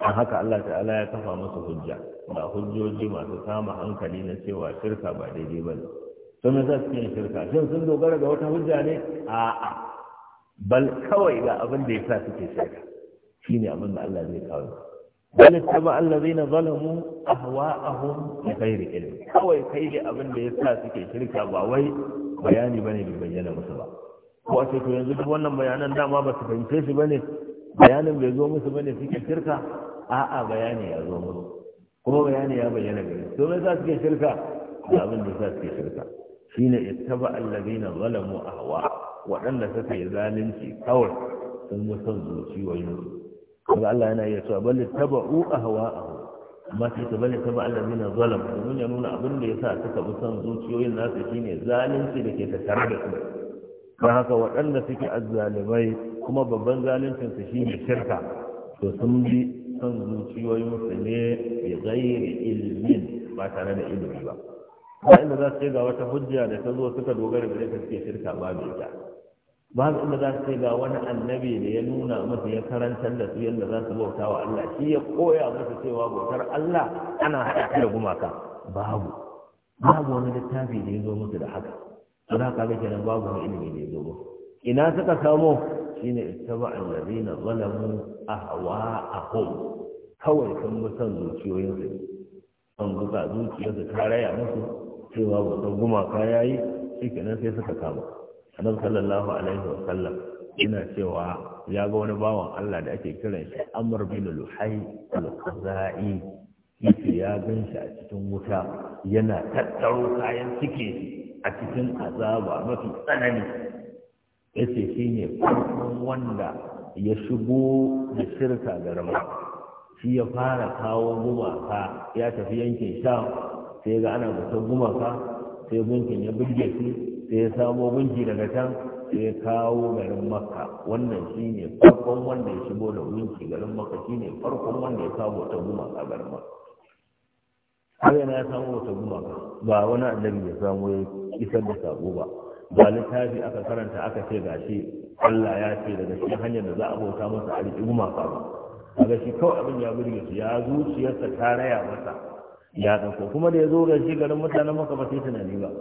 an haka Allah ta'ala ya kafa musu hujja ba hujjoji masu kama hankali na cewa shirka ba daidai ba ne sun me za su yin shirka shin sun dogara ga wata hujja ne a'a bal kawai ga abin da ya sa suke shirka shine abin da Allah zai kawo bal taba allazina zalamu ahwa'ahum bi ghairi ilmi kawai kai da abin da yasa suke shirka ba wai bayani bane bai bayyana musu ba ko a ce to yanzu duk wannan bayanan dama ba su fahimce shi bane bayanin bai zo musu bane suke shirka a'a bayani ya zo musu kuma bayani ya bayyana gare su me za suke shirka da abin da za su ke shirka shine ittaba allazina zalamu ahwa waɗanda suka yi zalunci kawai sun musan zuciyoyinsu daga Allah yana iya cewa a taba'u ahwa'ahum amma sai ta bal taba allazina zalam domin ya nuna abin da ya yasa ta bi son zuciyoyin nasu shine zalunci da ke tattare da su don haka waɗanda suke azzalimai kuma babban zaluncin su shine shirka to sun bi son zuciyoyin su ne bi gairi ilmin ba tare da ilimi ba ba inda za su ce ga wata hujja da ta zo suka dogara da ita suke shirka ba ita Ba su inda za su kai ga wani annabi da ya nuna musu ya karantar da su yadda za su bauta wa Allah shi ya koya musu cewa bautar Allah ana haɗa da gumaka babu babu wani littafi da ya zo musu da haka don haka kenan babu wani ilimi da ya zo musu ina suka samo shine ittaba allazina zalamu ahwa'ahum kawai sun bi son su son buka zuciyarsu ta raya musu cewa bautar gumaka yayi shi kenan sai suka kama annabi sallallahu alaihi wa sallam yana cewa ya ga wani bawan Allah da ake kiran shi Amr bin Luhai al qazai yake ya gan shi a cikin wuta yana tattaro kayan cike a cikin azaba mafi tsanani yace shine farkon wanda ya shigo da shirka rama. shi ya fara kawo gumaka ya tafi yankin sha sai ga ana butar gumaka sai gunkin ya burge shi sai ya samo gunki daga can sai ya kawo garin makka wannan shine farkon wanda ya shigo da gunki garin makka shine farkon wanda ya kawo ta gumaka garin makka har yana ya samo ta gumaka ba wani annabi ya samo ya isar da sabo ba ba littafi aka karanta aka ce ga gashi Allah ya ce daga shi hanyar da za a bauta masa a riƙi gumaka ba daga shi kawai abin ya burge su ya zuciyarsa ta raya masa ya ɗauko kuma da ya zo ga shi garin mutanen maka ba sai tunani ba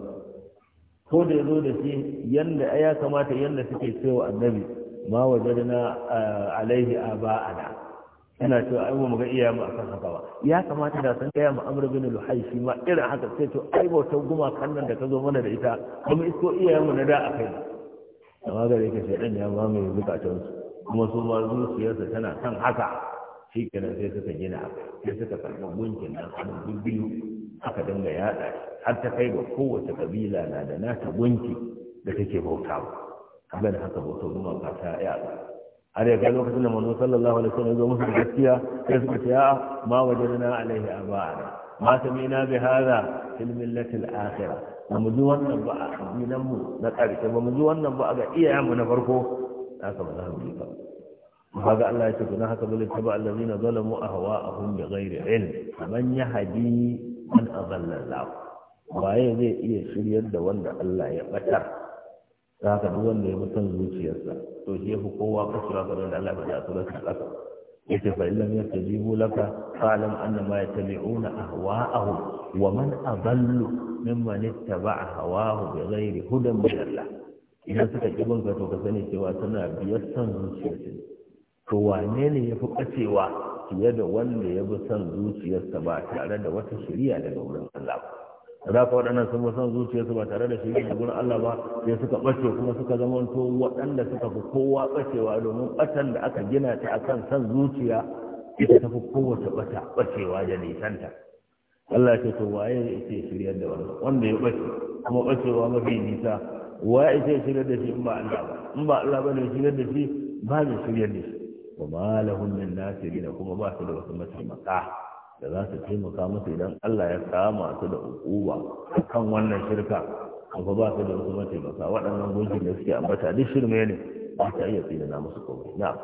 ko da zo da shi yanda ya kamata yanda suke cewa annabi ma wajadna alaihi aba'ana ina cewa ai mu ga iyamu akan haka ba ya kamata da san kai mu amru bin luhai shi ma irin haka sai to ai bautar guma kannan da ka zo mana da ita kuma isko iyamu na da akai amma gare ka shedan ya ba mu zukatan su kuma su ma zuciyarsa tana kan haka shi kenan sai suka gina sai suka karɓi gunkin nan a biyu aka dinga yaɗa har ta kai ga kowace kabila na da nata gunki da take bautawa kaga da haka bautar gumaka ta yaɗa har ya kai lokacin da manzo sallallahu alaihi wasallam zo musu gaskiya sai suka ce a'a ma wajadna alaihi aba'ana ma samina bi hadha fil millati al-akhirah ba mu ji wannan ba a kabilan mu na karshe ba mu ji wannan ba a ga iyayen mu na farko haka ba za mu yi ba kaga Allah ya ce kuna haka bal taba allazina zalamu ahwa'ahum bi ghairi ilm man yahdi man azallallahu waye zai iya shiryar da wanda Allah ya batar za ka duk wanda ya mutum zuciyarsa to shi yafi kowa kashewa ga wanda Allah ya bada su rasu ƙasa yace fa illam yastajibu laka fa'lam anna ma yattabi'una ahwa'ahu wa man adallu mimman ittaba'a hawahu bighairi hudan min Allah idan suka ki ka to ka sani cewa suna biyar son zuciyarsu to wane ne ya fi kacewa fiye da wanda ya bi son zuciyarsa ba tare da wata shari'a daga wurin Allah ba za ka waɗannan sun bi son zuciyarsa ba tare da shari'a daga wurin Allah ba sai suka ɓace kuma suka zama to waɗanda suka fi kowa ɓacewa domin ɓatan da aka gina ta akan son zuciya ita ta fi kowace ɓata ɓacewa da nisanta Allah ce to waye ya ce shiryar da wannan wanda ya ɓace kuma ɓacewa mafi nisa waye ya ce shirya da shi in ba Allah ba in ba Allah ba ne shirya da shi ba ne shirya da shi wa malahun min nasirina kuma ba su da wasu mataimaka da za su taimaka musu idan Allah ya kama su da ukuwa kan wannan shirka kuma ba su da wasu mataimaka waɗannan gungun da suke ambata duk shirme ne ba ta iya tsina musu kuma na'am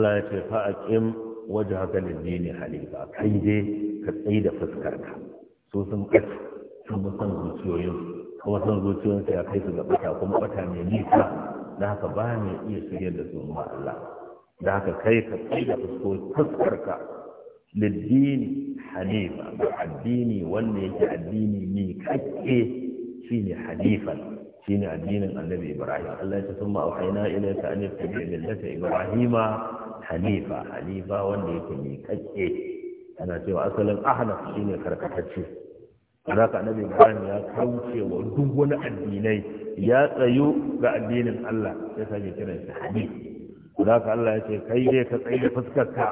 Allah ya ce fa'aqim wajhaka lid-dini halifa kai dai ka tsayi da fuskarka so sun kace sun san zuciyoyin kuma san zuciyoyin sai kai su ga bata kuma bata mai nisa da haka ba ne iya shiryar da su ma Allah da haka kai ka tsayi da fuskarka lid-dini halifa addini wanda yake addini ne kake shine halifan shine addinin annabi ibrahim allah ya tumma auhayna ilayka an tattabi'a millata ibrahima hanifa hanifa wanda yake mai kakke ana cewa asalin ahnaf shine karkatacce za ka annabi ibrahim ya kauce wa duk wani addinai ya tsayu ga addinin allah ya sake kiran shi hanif za ka allah ya ce kai dai ka tsaye da fuskarka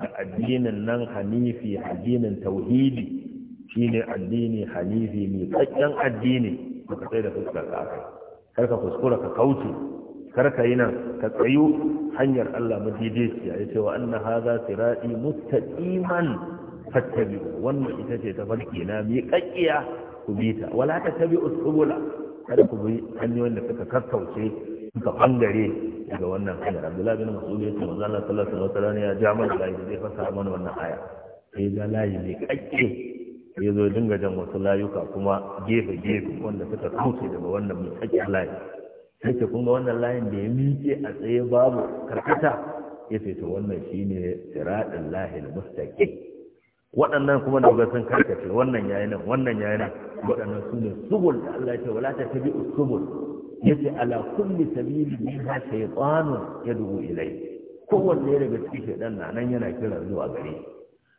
da addinin nan hanifi addinin tauhidi shine addini hanifi mai kakken addini ka tsaye da fuskarka kar ka kuskura ka kauce karka yi nan ka tsayu hanyar Allah madidiciya ya ce wa anna hadha sirati mustaqiman fattabi wannan ita ce ta farki na mi kakkiya ku bi ta wala ta tabi usbula kada ku bi hanyoyin da suka kakkauce suka bangare daga wannan hanyar Abdullahi bin Mas'ud ya ce manzo Allah sallallahu alaihi wasallam ya ja mana layi zai fasa mana wannan aya sai ga layi ne kakke ya zo dinga jan wasu layuka kuma gefe gefe wanda suka kauce daga wannan mai kakkiya layi sai kun ga wannan layin da ya miƙe a tsaye babu karkata ya ce to wannan ne siradin lahil mustaƙi waɗannan kuma da ga sun karkace wannan yayi nan wannan yayi nan waɗannan su ne subul da Allah ya ce wala ta tabi subul ce ala kulli sabili ha shaytanu yad'u ilayhi kowanne daga cikin shaydan nan yana kira zuwa gare shi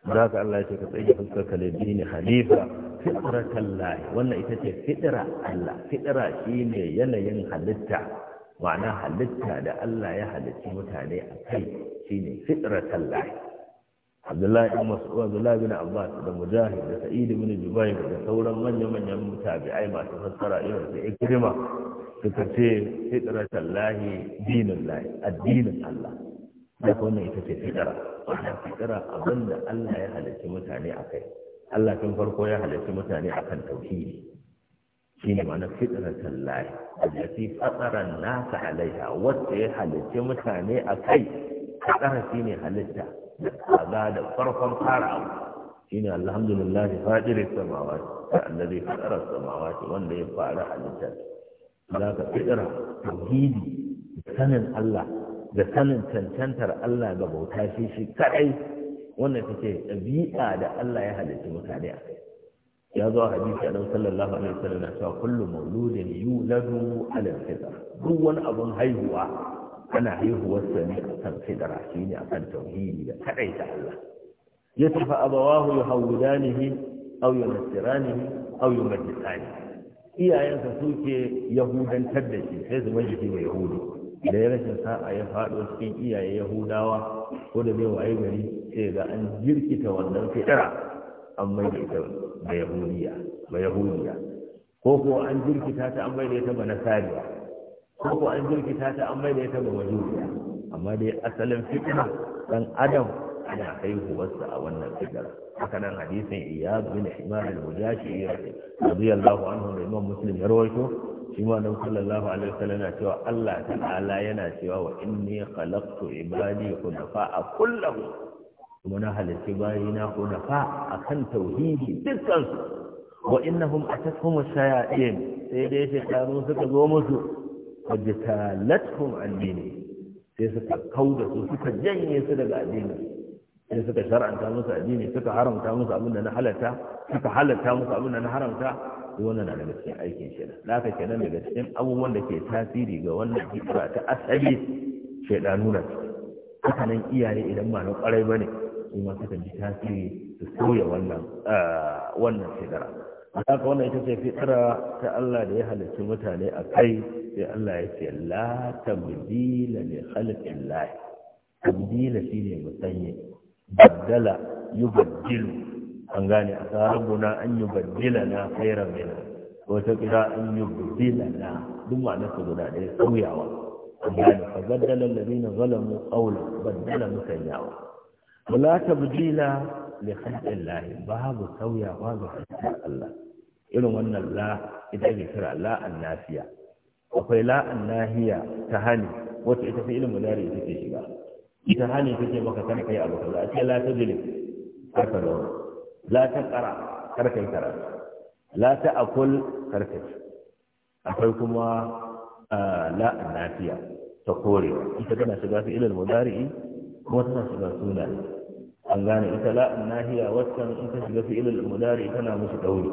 za ka Allah ya ce ka tsaye fuskar ka ne halifa fitratan lahi wannan ita ce fitira Allah fitira shine yanayin halitta ma'ana halitta da Allah ya halicci mutane a kai shi ne Abdullahi ibn Mas'ud Abdullahi Ibn Abbas da Mujahid da Sa'id ibn Jubair da sauran manya-manyan mutabi'ai masu fassara irin da Ikrima suka ce fitratan lahi dinin allah, addinin Allah da wannan ita ce fitara wannan fitara abin da Allah ya halarci mutane a kai Allah tun farko ya halarci mutane a kan tauhidi shi ne ma'ana fitratan lahi allati fatsaran nasa alaiha wacce ya halarci mutane a kai fitara shi ne halitta da kaza da farkon fara abu shi ne alhamdulillah fadirin samawati allazi fatara samawati wanda ya fara halitta za ka fitara tauhidi sanin Allah da sanin cancantar Allah ga bauta shi shi kadai wannan ta ce da Allah ya halitta mutane a kai ya zo a hadisi annabi sallallahu alaihi wasallam na cewa kullu mauludin yuladu ala fitra duk wani abun haihuwa ana haihuwar sa ne akan fitra shine akan tauhidi da kadai ta Allah yasfa abawahu yuhawidanihi aw yunassiranihi aw yumajjisanihi iyayensa suke yahudantar da shi sai su mashi mai hudu. da ya rashin sa'a ya faɗo cikin iyaye yahudawa ko da zai waye gari sai ga an jirkita wannan fitara an mai da ita da yahudiya ba yahudiya ko ko an jirkita ta an mai da ita ba nasariya ko ko an jirkita ta an mai da ita ba wajudiya amma dai asalin fitina dan adam ana haihuwarsa a wannan fitara haka nan hadisin iyad bin himar al-mujashi radiyallahu anhu da imam muslim ya rawaito shi ma sallallahu alaihi wasallam yana cewa Allah ta'ala yana cewa wa inni khalaqtu ibadi hunafa kullahu kuma na halitta bayina hunafa akan tauhidi dukkan wa innahum atatuhum shayatin sai dai shaytanu suka zo musu wajtalatkum an dini sai suka kauda su suka janye su daga addinin sai suka shar'anta musu addini suka haramta musu abin da na halatta suka halatta musu abin da na haramta wannan na daga cikin aikin shaidan da aka kenan daga cikin abubuwan da ke tasiri ga wannan fitra ta asali shaidanu nuna ciki haka nan iyaye idan ba na kwarai ba ne in ma suka ji tasiri su sauya wannan wannan fitira haka wannan ita ce fitira ta Allah da ya halarci mutane a kai sai Allah ya ce la tabdila li khalqillah tabdila shine musanye baddala yubaddilu an gane a sarabuna an yi yubaddila na khairan mina wata kira an yi yubaddila na duk ma'anar su guda ɗaya sauyawa an gane fa baddala ladina zalamu qawla baddala musanyawa wala tabdila li khalqillahi babu sauyawa ga Allah irin wannan la ita ake kira la nafiya. akwai la nahiya ta hani wacce ita fi ilimin mudari ita ke shiga ita hali take maka kar kai abu kaza a ce la tajlis karka da zauna la taqra karka kai karatu la ta'kul kar kai akwai kuma la nafiya ta korewa ita tana shiga su ilal mudari'i kuma tana shiga sunaye an gane ita la nafiya. waccan in ta shiga su ilal mudari'i tana musu dauri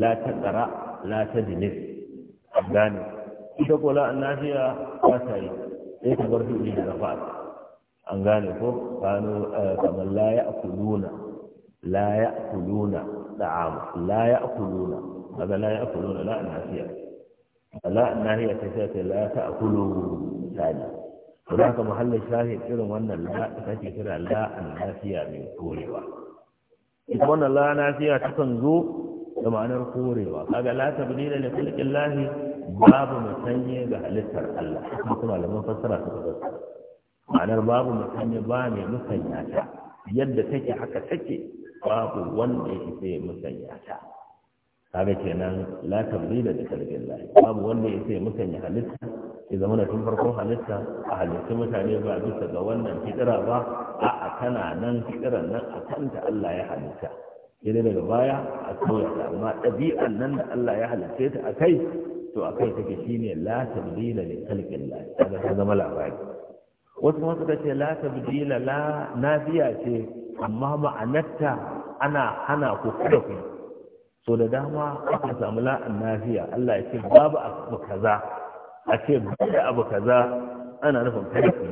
la taqra la tajlis an gane ita ko la nahiya ba ta yi sai bar fi'ili da fa'a. an gane ko kanu kamar la ya akuluna la ya akuluna da'am la ya akuluna kaga la ya akuluna la an nasiya la an nahiya ta ce la ta akulu sani kuma haka muhallin shahid irin wannan la ta kace kira la an nasiya mai korewa ita wannan la an nasiya ta kan zo da ma'anar korewa kaga la ta tabdila li khalqillahi babu mutanye ga halittar Allah kuma malaman fassara suka fassara ma'anar babu musanya ba mai musanya ta yadda take haka take babu wanda ya isa ya musanya ta kaga kenan la tabrida da kalbin lahi babu wanda ya isa ya musanya halitta ya zama tun farkon halitta a halittu mutane ba bisa ga wannan fitira ba a a kana nan fitiran nan a kanta Allah ya halitta sai daga baya a sauya ta amma ɗabi'an nan da Allah ya halitta ta a kai to a kai take shine la tabrida da kalbin lahi kaga ta zama labari wasu kuma da ce la tabdila la nafiya ce amma ma'anarta ana hana ku kada ku so da dama aka samu la nafiya Allah ya ce babu abu kaza a ce babu abu kaza ana nufin kada ku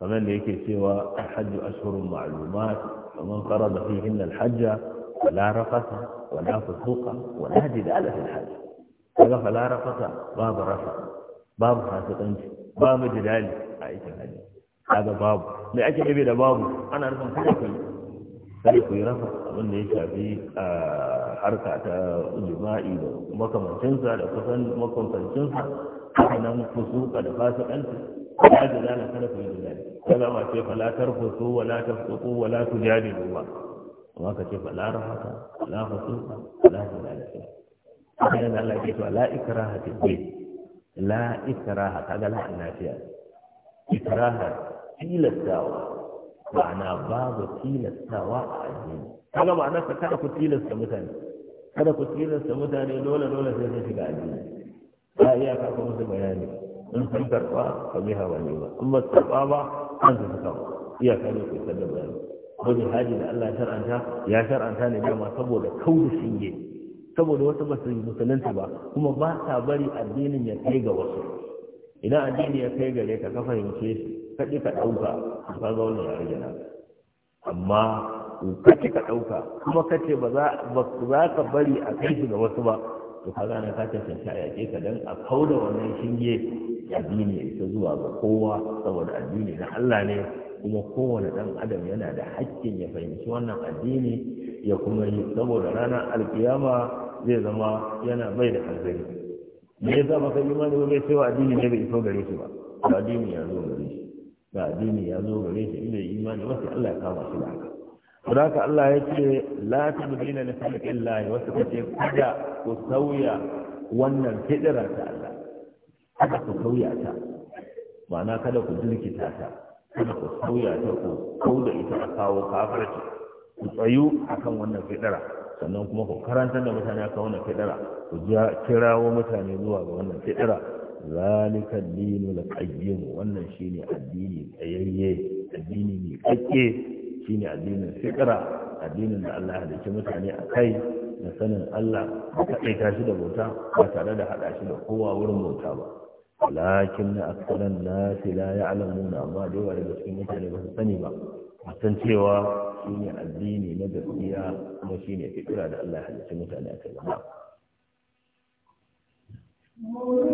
kamar da yake cewa alhajj ashhurun kamar faman farada fihinna alhajja wala rafasa wala fusuqa wala jidala fil hajj kaga fala rafasa babu rafa babu fasikanci babu jidali a aikin hajji kaga babu me ake ɗabe da babu ana nufin kuma kai kada ku yi rafa abin da ya shafi a harka ta jima'i da makamancinsa da kusan makamancinsa haka nan fusuka da fasikanci ya zana kada ku yi jidali kaga zama ce fa la tarfusu wa la tafsuqu wa la tujadilu ba amma ka ce fa la rafata la fusuka la jidala haka nan Allah ke ce to la ikraha fi la ikraha kaga la nafiya ikraha tilastawa ma'ana babu tilastawa a addini kaga ma'ana ka kada ku tilasta mutane kada ku tilasta mutane dole dole sai sun shiga addini ba iya ka kuma su bayani in sun karɓa ka bi hawa ne ba in ba su karɓa ba an su suka ba iya ka ne ku da bayani ko haji da Allah shar'anta ya shar'anta ne dama saboda kauda shinge saboda wasu ba su musulunci ba kuma ba sa bari addinin ya kai ga wasu idan addini ya kai gare ka ka fahimce shi kaɗi ka ɗauka ka ga wannan yare rage amma kaɗi ka ɗauka kuma ka ce ba za ka bari a kai shi ga wasu ba to ka gane ka cancanci a yaƙe ka dan a kauda wannan shinge addini ya isa zuwa ga kowa saboda addini na Allah ne kuma kowane ɗan adam yana da haƙƙin ya fahimci wannan addini ya kuma yi saboda ranar alkiyama zai zama yana bai da hanzari me yasa maka imani ba bai cewa addini ne bai iso gare shi ba addini ya zo gare shi ga addini ya zo gare shi inda imani wasu Allah ya kama shi da haka haka Allah ya ce la tabdila li khalqillahi wasu ce kada ku sauya wannan fidira ta Allah kada ku sauya ta ma'ana kada ku jirkita ta kada ku sauya ta ku da ita a kawo kafarci. ku tsayu a kan wannan fidira sannan kuma ku karanta da mutane a kan wannan fidira ku kirawo mutane zuwa ga wannan fiɗira zalika dinul qayyim wannan shine addini tsayayye addini mai shi shine addinin fikira addinin da Allah ya halicci mutane a kai da sanin Allah da kaɗaita shi da bauta ba tare da haɗa shi da kowa wurin bauta ba lakin na aksaran nasi la ya'lamuna amma da yawa daga cikin mutane ba su sani ba san cewa ne addini na gaskiya kuma shine fikira da Allah ya halicci mutane a kai ba Thank you.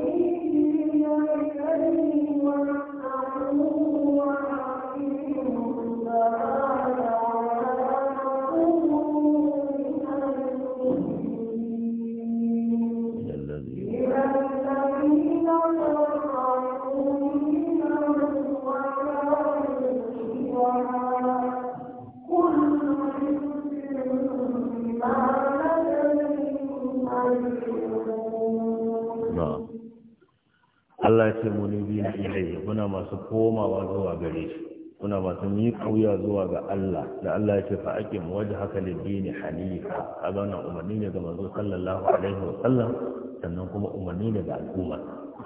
ce munibi ilai ilayhi muna masu komawa zuwa gare shi muna masu miƙa wuya zuwa ga Allah da Allah ya ce fa ake aqim wajhaka lid-dini hanifa kaga wannan umarni ne ga manzo sallallahu alaihi wa sallam sannan kuma umarni ne ga al'umma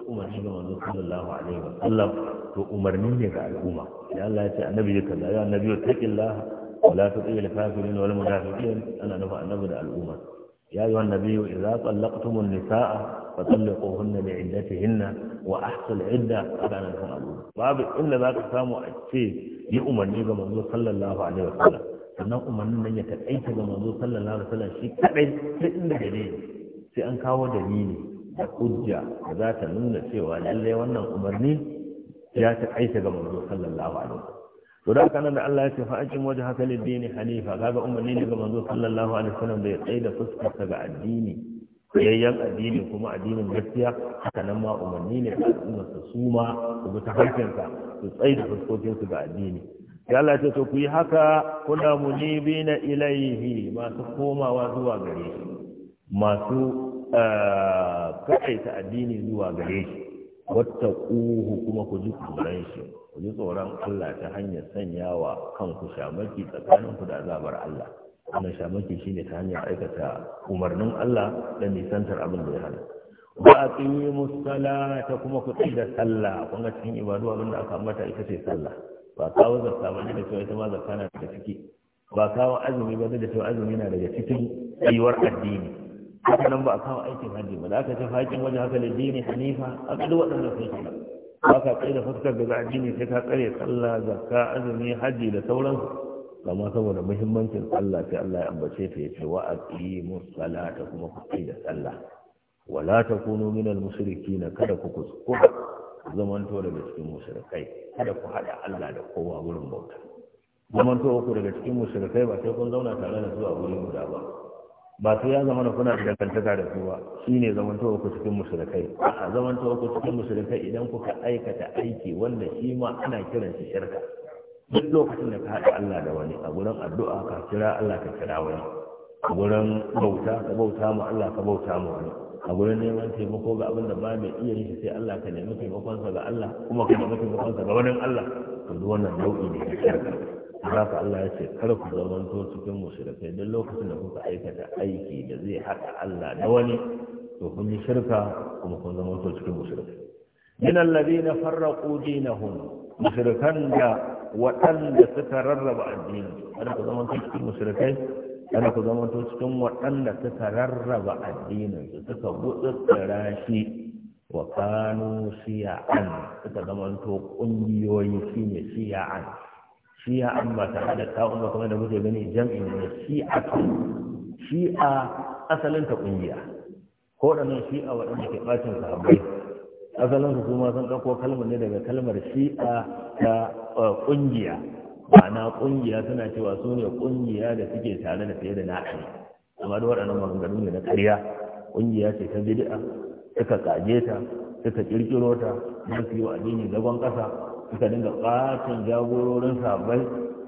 umarni ga manzo sallallahu alaihi wa sallam to umarni ne ga al'umma ya Allah ya ce annabi ya kaza ya annabi taqillah wala la tuqil kafirin wal munafiqin ana nufa annabi da al'umma ya ayyuhan nabiyyu idza talaqtumun nisaa فطلقوهن لعدتهن واحصوا العده قبل ان تعلموا babu inda za ka samu a ce yi umarni ga manzo sallallahu alaihi wa sallam sannan umarnin nan ya taƙaita ga manzo sallallahu alaihi wa sallam shi kadai sai inda dalili sai an kawo dalili da hujja da za ta nuna cewa lallai wannan umarni ya taƙaita ga manzo sallallahu alaihi wa sallam to da haka nan da Allah ya ce fa aqim wajhaka lid-din hanifa kaga umarni ne ga manzo sallallahu alaihi wa sallam da ya tsaya da fuskar ga addini tsayayyen addini kuma addinin gaskiya haka nan ma umarni ne ga al'ummar su su ma su bi ta harkarsa su tsaye da fuskokinsu ga addini ya Allah ce to ku yi haka kuna munibina ilaihi masu komawa zuwa gare shi masu eh, kaɗaita addini zuwa gare shi wata ƙuhu kuma ku ji tsoron shi ku ji tsoron Allah ta hanyar sanyawa kanku shamaki tsakaninku da azabar Allah wannan shamaki ne ta hanyar aikata umarnin Allah da nisantar abin da ya hana wa aqimu ta kuma ku da sallah kun ga cikin ibadu abin da aka ambata ita ce sallah ba kawo zakka ba da cewa ita ma zakka na daga ciki ba kawo azumi ba da cewa azumi na daga cikin tsayuwar addini haka nan ba a kawo aikin hajji ba da aka ce hakin wajen haka da dini hanifa a kalli waɗanda sun shi ba ka tsaye da fuskar da daga addini sai ka tsare sallah zakka azumi hajji da sauransu kama saboda muhimmancin Allah, sai Allah ya ambace ta yace wa aqimu salata kuma ku da sallah wala takunu minal mushrikin kada ku kuskura to daga cikin mushrikai kada ku hada Allah da kowa wurin bauta to ku daga cikin mushrikai ba sai kun zauna tare da su a wurin guda ba ba sai ya zama kuna da dangantaka da su ba shine to ku cikin mushrikai a to ku cikin mushrikai idan kuka aikata aiki wanda shi ma ana kiran shi shirka duk lokacin da ka haɗa Allah da wani a gurin addu'a ka kira Allah ka kira wani a gurin bauta ka bauta mu Allah ka bauta mu wani a gurin neman taimako ga abin da ba mai iya yi sai Allah ka nemi taimakonsa ga Allah kuma ka nemi taimakonsa ga wani Allah to duk wannan nau'i ne na shirka za Allah ya ce kar ku zamanto cikin mushrikai duk lokacin da kuka aikata aiki da zai haɗa Allah da wani to kun yi shirka kuma kun to cikin mushrikai min alladhina farraqu dinahum mushrikan da waɗanda suka rarraba addini kada ku zama cikin musulkai kada ku zama cikin waɗanda suka rarraba addinin su suka gutsutsura shi wa kanu shiya'an suka zama to ƙungiyoyi shine shiya'an shiya'an ba tare da ta ba kamar da muke gani jam'in ne shi shi'a asalin ta ƙungiya ko da nan shi'a waɗanda ke ɓacin sahabbai asalin su kuma sun ɗauko kalmar ne daga kalmar shi'a ta kungiya ma'ana kungiya suna cewa su ne kungiya da suke tare da fiye da na amma da waɗannan maganganu ne na ƙarya kungiya ce ta bid'a suka kaje ta suka kirkiro ta don su yi wa addini zagon ƙasa suka dinga ɓacin jagororin sabai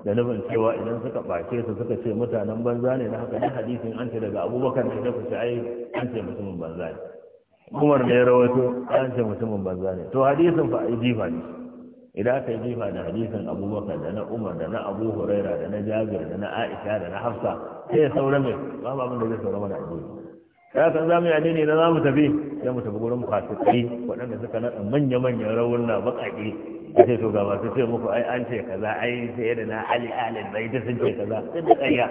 da nufin cewa idan suka ɓace su suka ce mutanen banza ne na haka ne hadisin an ce daga abubakar da ta fice ai an ce mutumin banza ne umar ne ya rawaito an ce mutumin banza ne to hadisin fa yi jifa ne idan aka yi jifa da hadisin abubakar da na umar da na abu huraira da na jabir da na aisha da na hafsa sai ya saura mai ba ba da zai saura mana addini ya san za mu yi addini na za mu tafi sai mu tafi gurin fasikai waɗanda suka naɗa manya-manyan rawuna baƙaƙe a ce to ga masu ce muku ai an ce kaza ai sai yadda na ali alin bai ta sun ce kaza sai da ƙarya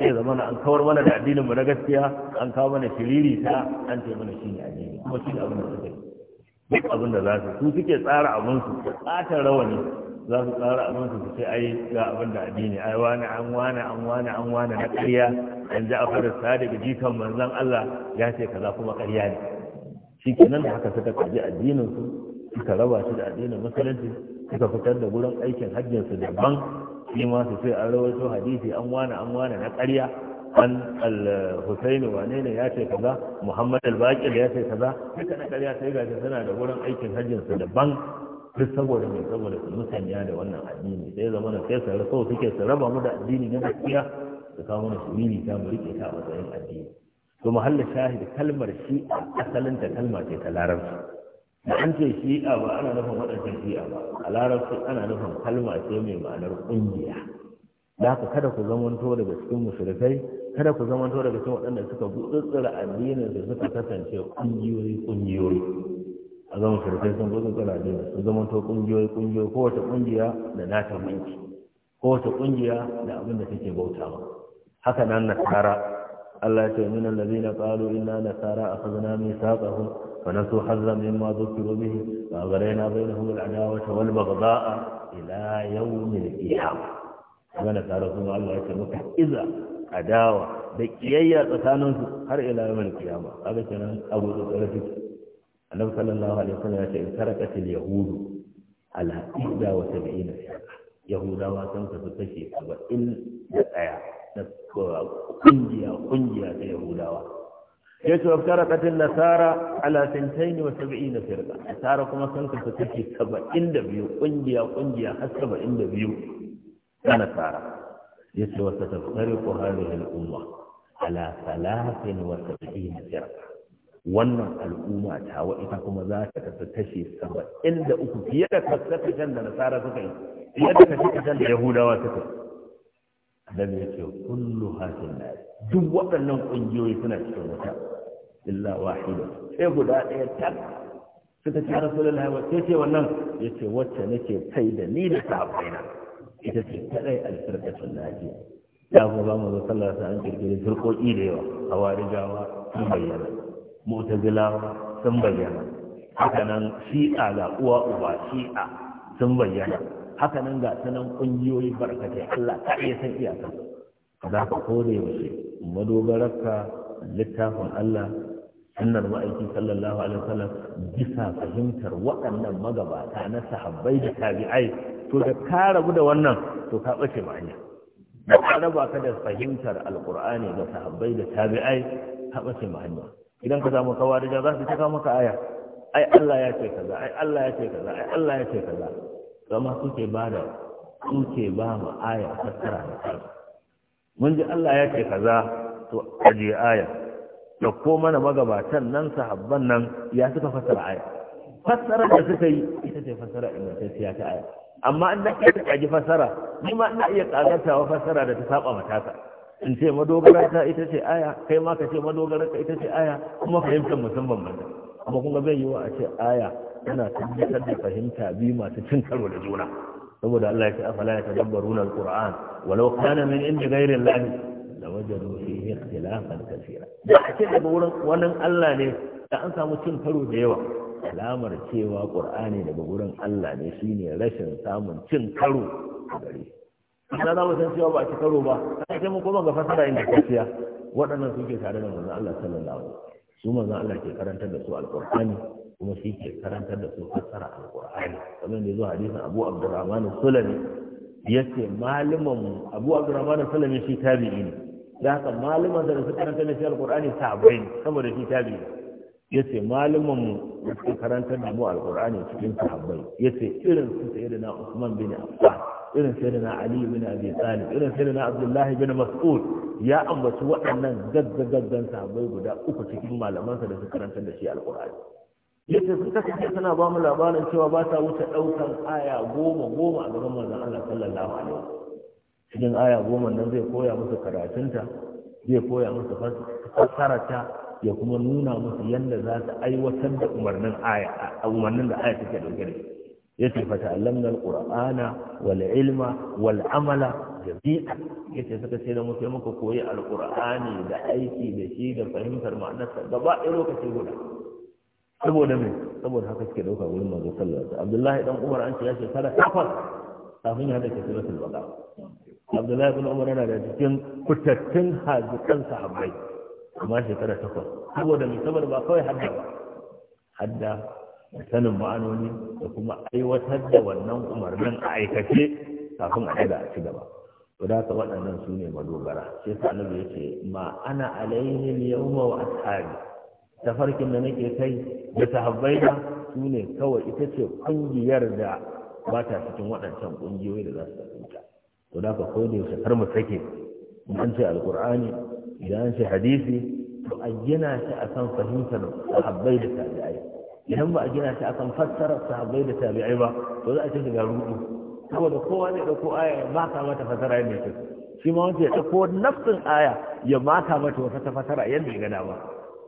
sai zama an kawar mana da addinin mu na gaskiya an kawo mana shiriri ta an ce mana shi ne addini kuma shi ne abin da suka yi duk abin da za su su suke tsara abin su tsata rawani za su tsara abin su su ce ai ga abin da addini ai wani an wani an wani an wani na ƙarya yanzu ji afar sa daga jikan manzon Allah ya ce kaza kuma ƙarya ne shikenan da haka suka kaji addinin su suka raba shi da addinin musulunci suka fitar da gurin aikin hajjin su daban shi ma su ce an rawaito hadisi an wani an wani na ƙarya an al-husaini wane ne ya ce kaza muhammad al-baqir ya ce kaza duka na ƙarya sai ga suna da wurin aikin hajjin su daban duk saboda mai saboda su musanya da wannan addini sai zama na sai su rasa suke su raba mu da addini na gaskiya su kawo mana shiriri ta mu rike ta a matsayin addini to muhallin shahid kalmar shi asalin ta kalma ce ta larabci da an ce shi'a ba ana nufin waɗancan shi'a ba a larabci ana nufin kalma ce mai ma'anar ƙungiya da haka kada ku zamanto daga cikin musulkai kada ku zama daga cikin waɗanda suka gutsutsura addinin da suka kasance ƙungiyoyi ƙungiyoyi a zama shirkai sun gutsutsura addinin sun zama to ƙungiyoyi ƙungiyoyi kowace ƙungiya da nata mulki kowace ƙungiya da abin da take bauta ma haka nan nasara Allah ya ce min allazina qalu inna nasara akhadna mithaqahum fa nasu hazzan mimma dhukiru bihi wa aghrayna bainahum al-adawata wal baghdha'a ila yawm al-qiyamah wannan nasara sun Allah ya ce muka iza adawa da kiyayya tsakaninsu har ila yawan kiyama kaga kenan abu tsare take annabi sallallahu alaihi wasallam ya ce in tarakat al yahudu ala 71 yahudawa sun kasu kashi 71 da tsaya da kungiya kungiya ta yahudawa ya ce wa al nasara ala 72 firqa nasara kuma sun kasu kashi 72 kungiya kungiya har 72 ta nasara yace wa satafariqu hadhihi al-umma ala 73 firqa wannan al'umma ta wa ita kuma za ta kasa kashe saba'in da uku fiye da kasafishan da nasara suka yi fiye da kasafishan da yahudawa suka yi annabi ya ce kullu hasin na duk waɗannan ƙungiyoyi suna cikin wuta illa wahida sai guda ɗaya tak suka ce rasulullahi wa ce wannan ya ce wacce nake kai da ni da sahabbaina ita ce kadai da najiya ya kuma ba mu zo sallar sa an kirkiri turkoki da yawa hawarijawa sun bayyana mu'tazilawa sun bayyana nan shi'a ga uwa uba shi'a sun bayyana hakanan ga sanan kungiyoyi barkatai Allah ta iya san iyaka za ka kore yaushe madogararka littafin Allah annar ma'aiki sallallahu alaihi wasallam bisa fahimtar waɗannan magabata na sahabbai da tabi'ai to da ka rabu da wannan to ka ɓace ma hanya da ka raba ka da fahimtar alƙur'ani da sahabbai da tabi'ai ka ɓace ma hanya idan ka samu da za su cika maka aya ai Allah ya ce kaza ai Allah ya ce kaza ai Allah ya ce kaza zama suke ba da suke ba mu aya fassara da kai mun ji Allah ya ce kaza to aje aya ko mana magabatan nan sahabban nan ya suka fassara aya fassarar da suka yi ita ce fassara ingantacciya ta aya amma an na iya kaji fasara ni ma ina iya kagantawa fasara da ta saba matasa in ce madogara ta ita ce aya kai ma ka ce madogara ka ita ce aya kuma fahimtar musamman banda amma kuma zai yi wa a ce aya tana tabbatar da fahimta biyu masu cin karo da juna saboda Allah ya ce afala ya tadabbaruna alquran walau kana min inda ghairin lahi lawajadu fihi ikhtilafan kaseera da ake daga wurin wannan Allah ne da an samu cin karo da yawa alamar cewa ƙur'ani daga gurin Allah ne shine rashin samun cin karo a gare ina za mu san cewa ba a ci karo ba sai sai mun koma ga fasara inda kafiya waɗannan suke tare da manzon Allah sallallahu alaihi wasallam su manzon Allah ke karantar da su alƙur'ani kuma shi ke karantar da su fasara alƙur'ani kamar da zuwa hadisin Abu Abdurrahman Sulami yace malamin Abu Abdurrahman Sulami shi tabi'i ne da haka malumin da suka karanta da shi alƙur'ani sahabbai ne saboda shi tabi'i ne yace malaman mu da suka karantar da mu alqur'ani cikin sahabbai yace irin su na Usman bin Affan irin na Ali bin Abi Talib irin na Abdullah bin Mas'ud ya ambaci waɗannan gaggagaggan sahabbai guda uku cikin malamansa da suka karantar da shi alqur'ani yace sun kasance suna ba mu labarin cewa ba ta wuce ɗaukan aya goma goma a gaban manzon Allah sallallahu alaihi wasallam cikin aya goma nan zai koya musu karatunta zai koya musu fassararta ya kuma nuna musu yadda za su aiwatar da umarnin aya umarnin da aya take dauke da ce fa ta'allamna alqur'ana wal ilma wal amala jabi'a. Ya ce suka ce da muke muka koyi alqur'ani da aiki da shi da fahimtar ma'anarsa gaba ɗaya lokaci guda saboda me saboda haka suke dauka wurin manzo sallallahu alaihi wasallam Abdullahi dan Umar an ce ya shekara takwas kafin ya hada suratul baqara Abdullahi ibn Umar yana da cikin fitattun hazikan sahabbai amma shekara takwas saboda mai ba kawai hadda ba hadda da sanin ma'anoni da kuma aiwatar da wannan umarnin a aikace kafin a daga a ci gaba to da ka waɗannan su ne madogara sai sa annabi ya ce ma ana alaihi ma wa ashabi tafarkin da nake kai da sahabbaina su ne kawai ita ce ƙungiyar da ba ta cikin waɗancan ƙungiyoyi da za su tafi ta to da ka ko da yaushe kar mu sake mu an ce alƙur'ani idan shi hadisi to a gina shi a kan fahimtar sahabbai da tabi'ai idan ba a gina shi a kan fassara sahabbai da tabi'ai ba to za a ce shiga rudu saboda kowa ne da ko aya ya maka mata fasara yadda yake shi ma wanda ya dauko nafsin aya ya maka mata wata ta fasara yadda ya gana ba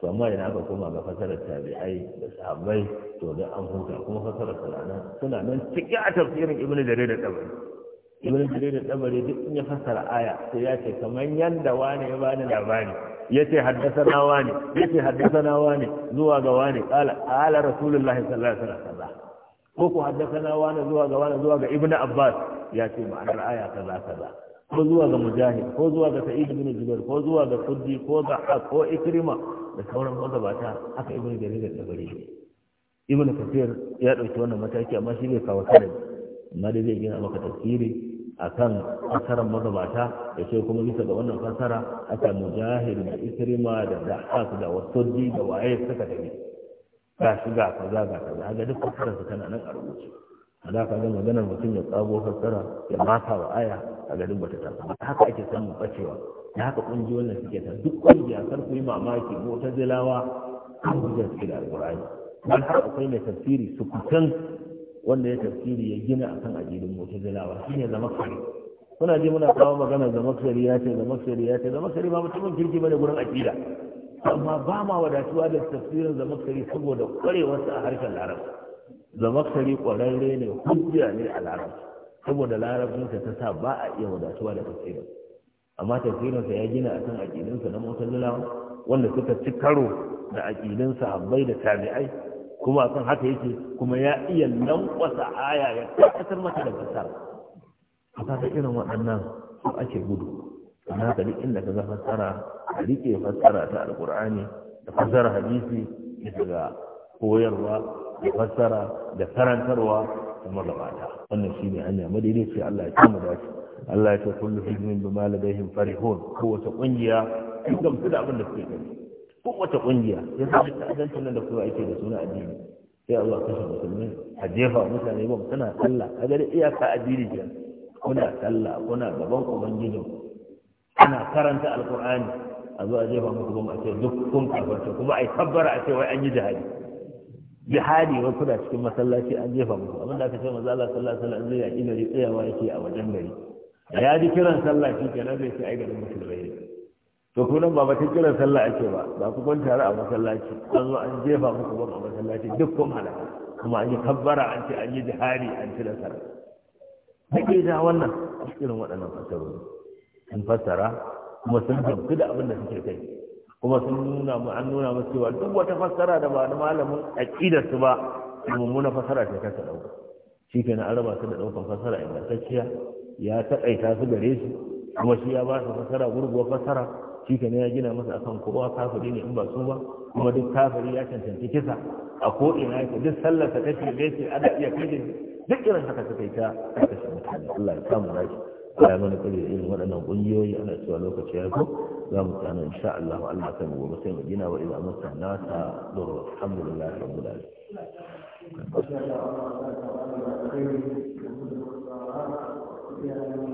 to amma idan aka koma ga fasarar tabi'ai da sahabbai to da an huta kuma fasarar suna nan suna nan cikin a tafsirin ibnu jarir da tabari ibn jarir dabari duk in ya fassara aya sai ya ce kamar yanda wani ya bani labari yace haddasana wani yace haddasana wani zuwa ga wani qala qala rasulullahi sallallahu alaihi wasallam ko ku haddasana wani zuwa ga wani zuwa ga Ibn abbas ya ce ma'anar aya kaza kaza ko zuwa ga mujahid ko zuwa ga sa'id ibn jubair ko zuwa ga suddi ko da ko ikrima da sauran mazabata haka ibn jarir dabari ibn kafir ya dauki wannan mataki amma shi ne kawo sanadi amma dai zai gina maka tafsiri akan fasarar mazabata da ce kuma bisa ga wannan fasara aka mujahid da isirima da dahas da wasoji da waye suka tafi ga shi ga kaza ga kaza ga duk fasarar su tana nan a rubuce da ka ga maganar mutum ya tsago fasara ya mata wa aya a garin bata ta ba haka ake samun bacewa da haka kungiyoyin da suke ta duk kungiya kar ku yi mamaki ko ta zilawa kan hujjar su da alqur'ani har akwai mai tafsiri su kusan wanda ya tafsiri ya gina akan ajidin mutazilawa ne zamakari kuna ji muna kawo magana zamakari ya ce zamakari ya ce zamakari ba mutumin kirki bane gurin akida amma ba ma wadatuwa da tafsirin zamakari saboda kwarewarsa a harshen larabci zamakari kwararre ne hujja ne a larabci saboda larabcinsa ta sa ba a iya wadatuwa da tafsirin amma tasirinsa ya gina akan sa na mutazilawa wanda suka ci karo da aqidin sahabbai da tabi'ai kuma kan haka yake kuma ya iya lankwasa aya ya tabbatar mata da fasara a kasa irin waɗannan su ake gudu na ka duk inda ka ga fasara a riƙe fasara ta alƙur'ani da fasara hadisi da daga koyarwa da fasara da karantarwa da magabata wannan shi ne hanya ce Allah ya mu dace Allah ya ce kullu hizmin bima ladaihim farihun kowace ƙungiya duk gamsu da abin da suke gani kowace ƙungiya ya sa ta azanta nan da kuma ake da suna addini sai Allah kashe musulmi a jefa mutane ba suna sallah a gari iyaka addini ke kuna sallah kuna gaban ubangiji kuna karanta alqur'ani a zo a jefa muku bom a ce duk kun kafarta kuma ai tabbara a ce wai an yi jihadi jihadi wa kuna cikin masallaci an jefa muku abin da aka ce manzo Allah sallallahu alaihi wasallam zai yaki gari tsayawa yake a wajen gari ya ji kiran sallah shi kenan zai ce ai garin musulmai to ko nan ba ta kiran sallah ake ba ba ku kwanta a masallaci an zo an jefa muku ban a masallaci duk kun hala kuma an yi kabbara an ce an yi jihari an ci nasara ke da wannan irin waɗannan fasarori sun fassara kuma sun gamsu da abin da suke kai kuma sun nuna mu an nuna musu cewa duk wata fassara da ba da malamin aqidar su ba mummuna fassara ce ta dauka ke na araba su da daukan fassara ingantacciya ya taƙaita su gare su kuma shi ya ba su fassara gurguwa fassara shi ne ya gina masa akan kowa kafiri ne in ba su ba kuma duk kafiri ya cancanci kisa a ko ina yake duk sallar ta kace da yake ana iya kace duk irin haka suka yi ta Allah ya samu rashi ya mana kare irin waɗannan ƙungiyoyi ana cewa lokaci ya zo za mu tsana insha Allah Allah ta mu gobe sai mu gina wa ila masa na ta dora alhamdulillah rabbil alamin Thank you.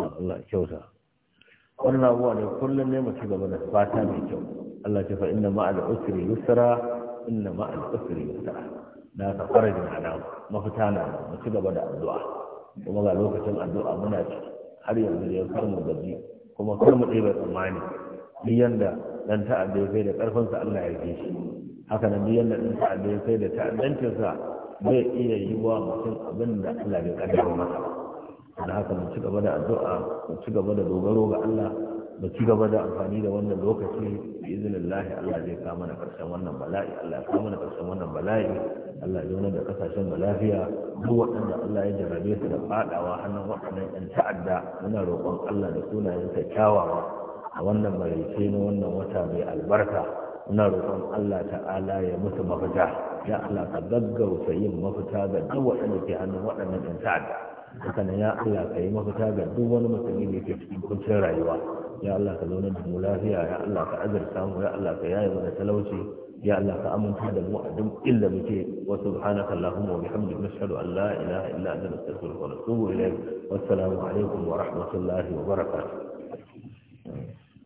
Allah kyauta wannan abuwa ne kullum ne mutu gaba da fata mai kyau Allah ce fa inna ma'al usri yusra inna ma'al usri yusra da ka farajin ana mafita na mutu gaba da addu'a kuma ga lokacin addu'a muna ci har yanzu ya kar mu gaji kuma kar mu ɗebe tsammani duk yanda dan ta'adda ya kai da karfin sa Allah ya rike shi haka nan duk yanda dan ta'adda ya kai da ta'addancin sa zai iya yi wa mutum abin da Allah bai kaddara masa ba da haka mu ci gaba da addu'a mu ci gaba da dogaro ga Allah mu ci gaba da amfani da wannan lokaci bi iznillah Allah zai kawo mana karshen wannan bala'i Allah ya kawo mana karshen wannan bala'i Allah ya da kasashen mu lafiya duk waɗanda Allah ya jarrabe su da fadawa hannun waɗannan ƴan ta'adda muna roƙon Allah da sunayen kyawawa a wannan maraice na wannan wata mai albarka na roƙon Allah ta'ala ya musu mafita ya Allah ka gaggauta yin mafita ga duk waɗanda ke hannun waɗannan ɗan ta'adda haka nan ya Allah ka yi mafita ga duk wani musulmi da yake cikin kuncin rayuwa ya Allah ka zauna da mu lafiya ya Allah ka azurta mu ya Allah ka yaye mana talauci ya Allah ka aminta da mu a duk illa muke wa subhanaka allahumma wa bihamdika nashhadu an la ilaha illa anta nastaghfiruka wa natubu ilayk wassalamu alaikum wa rahmatullahi wa barakatuh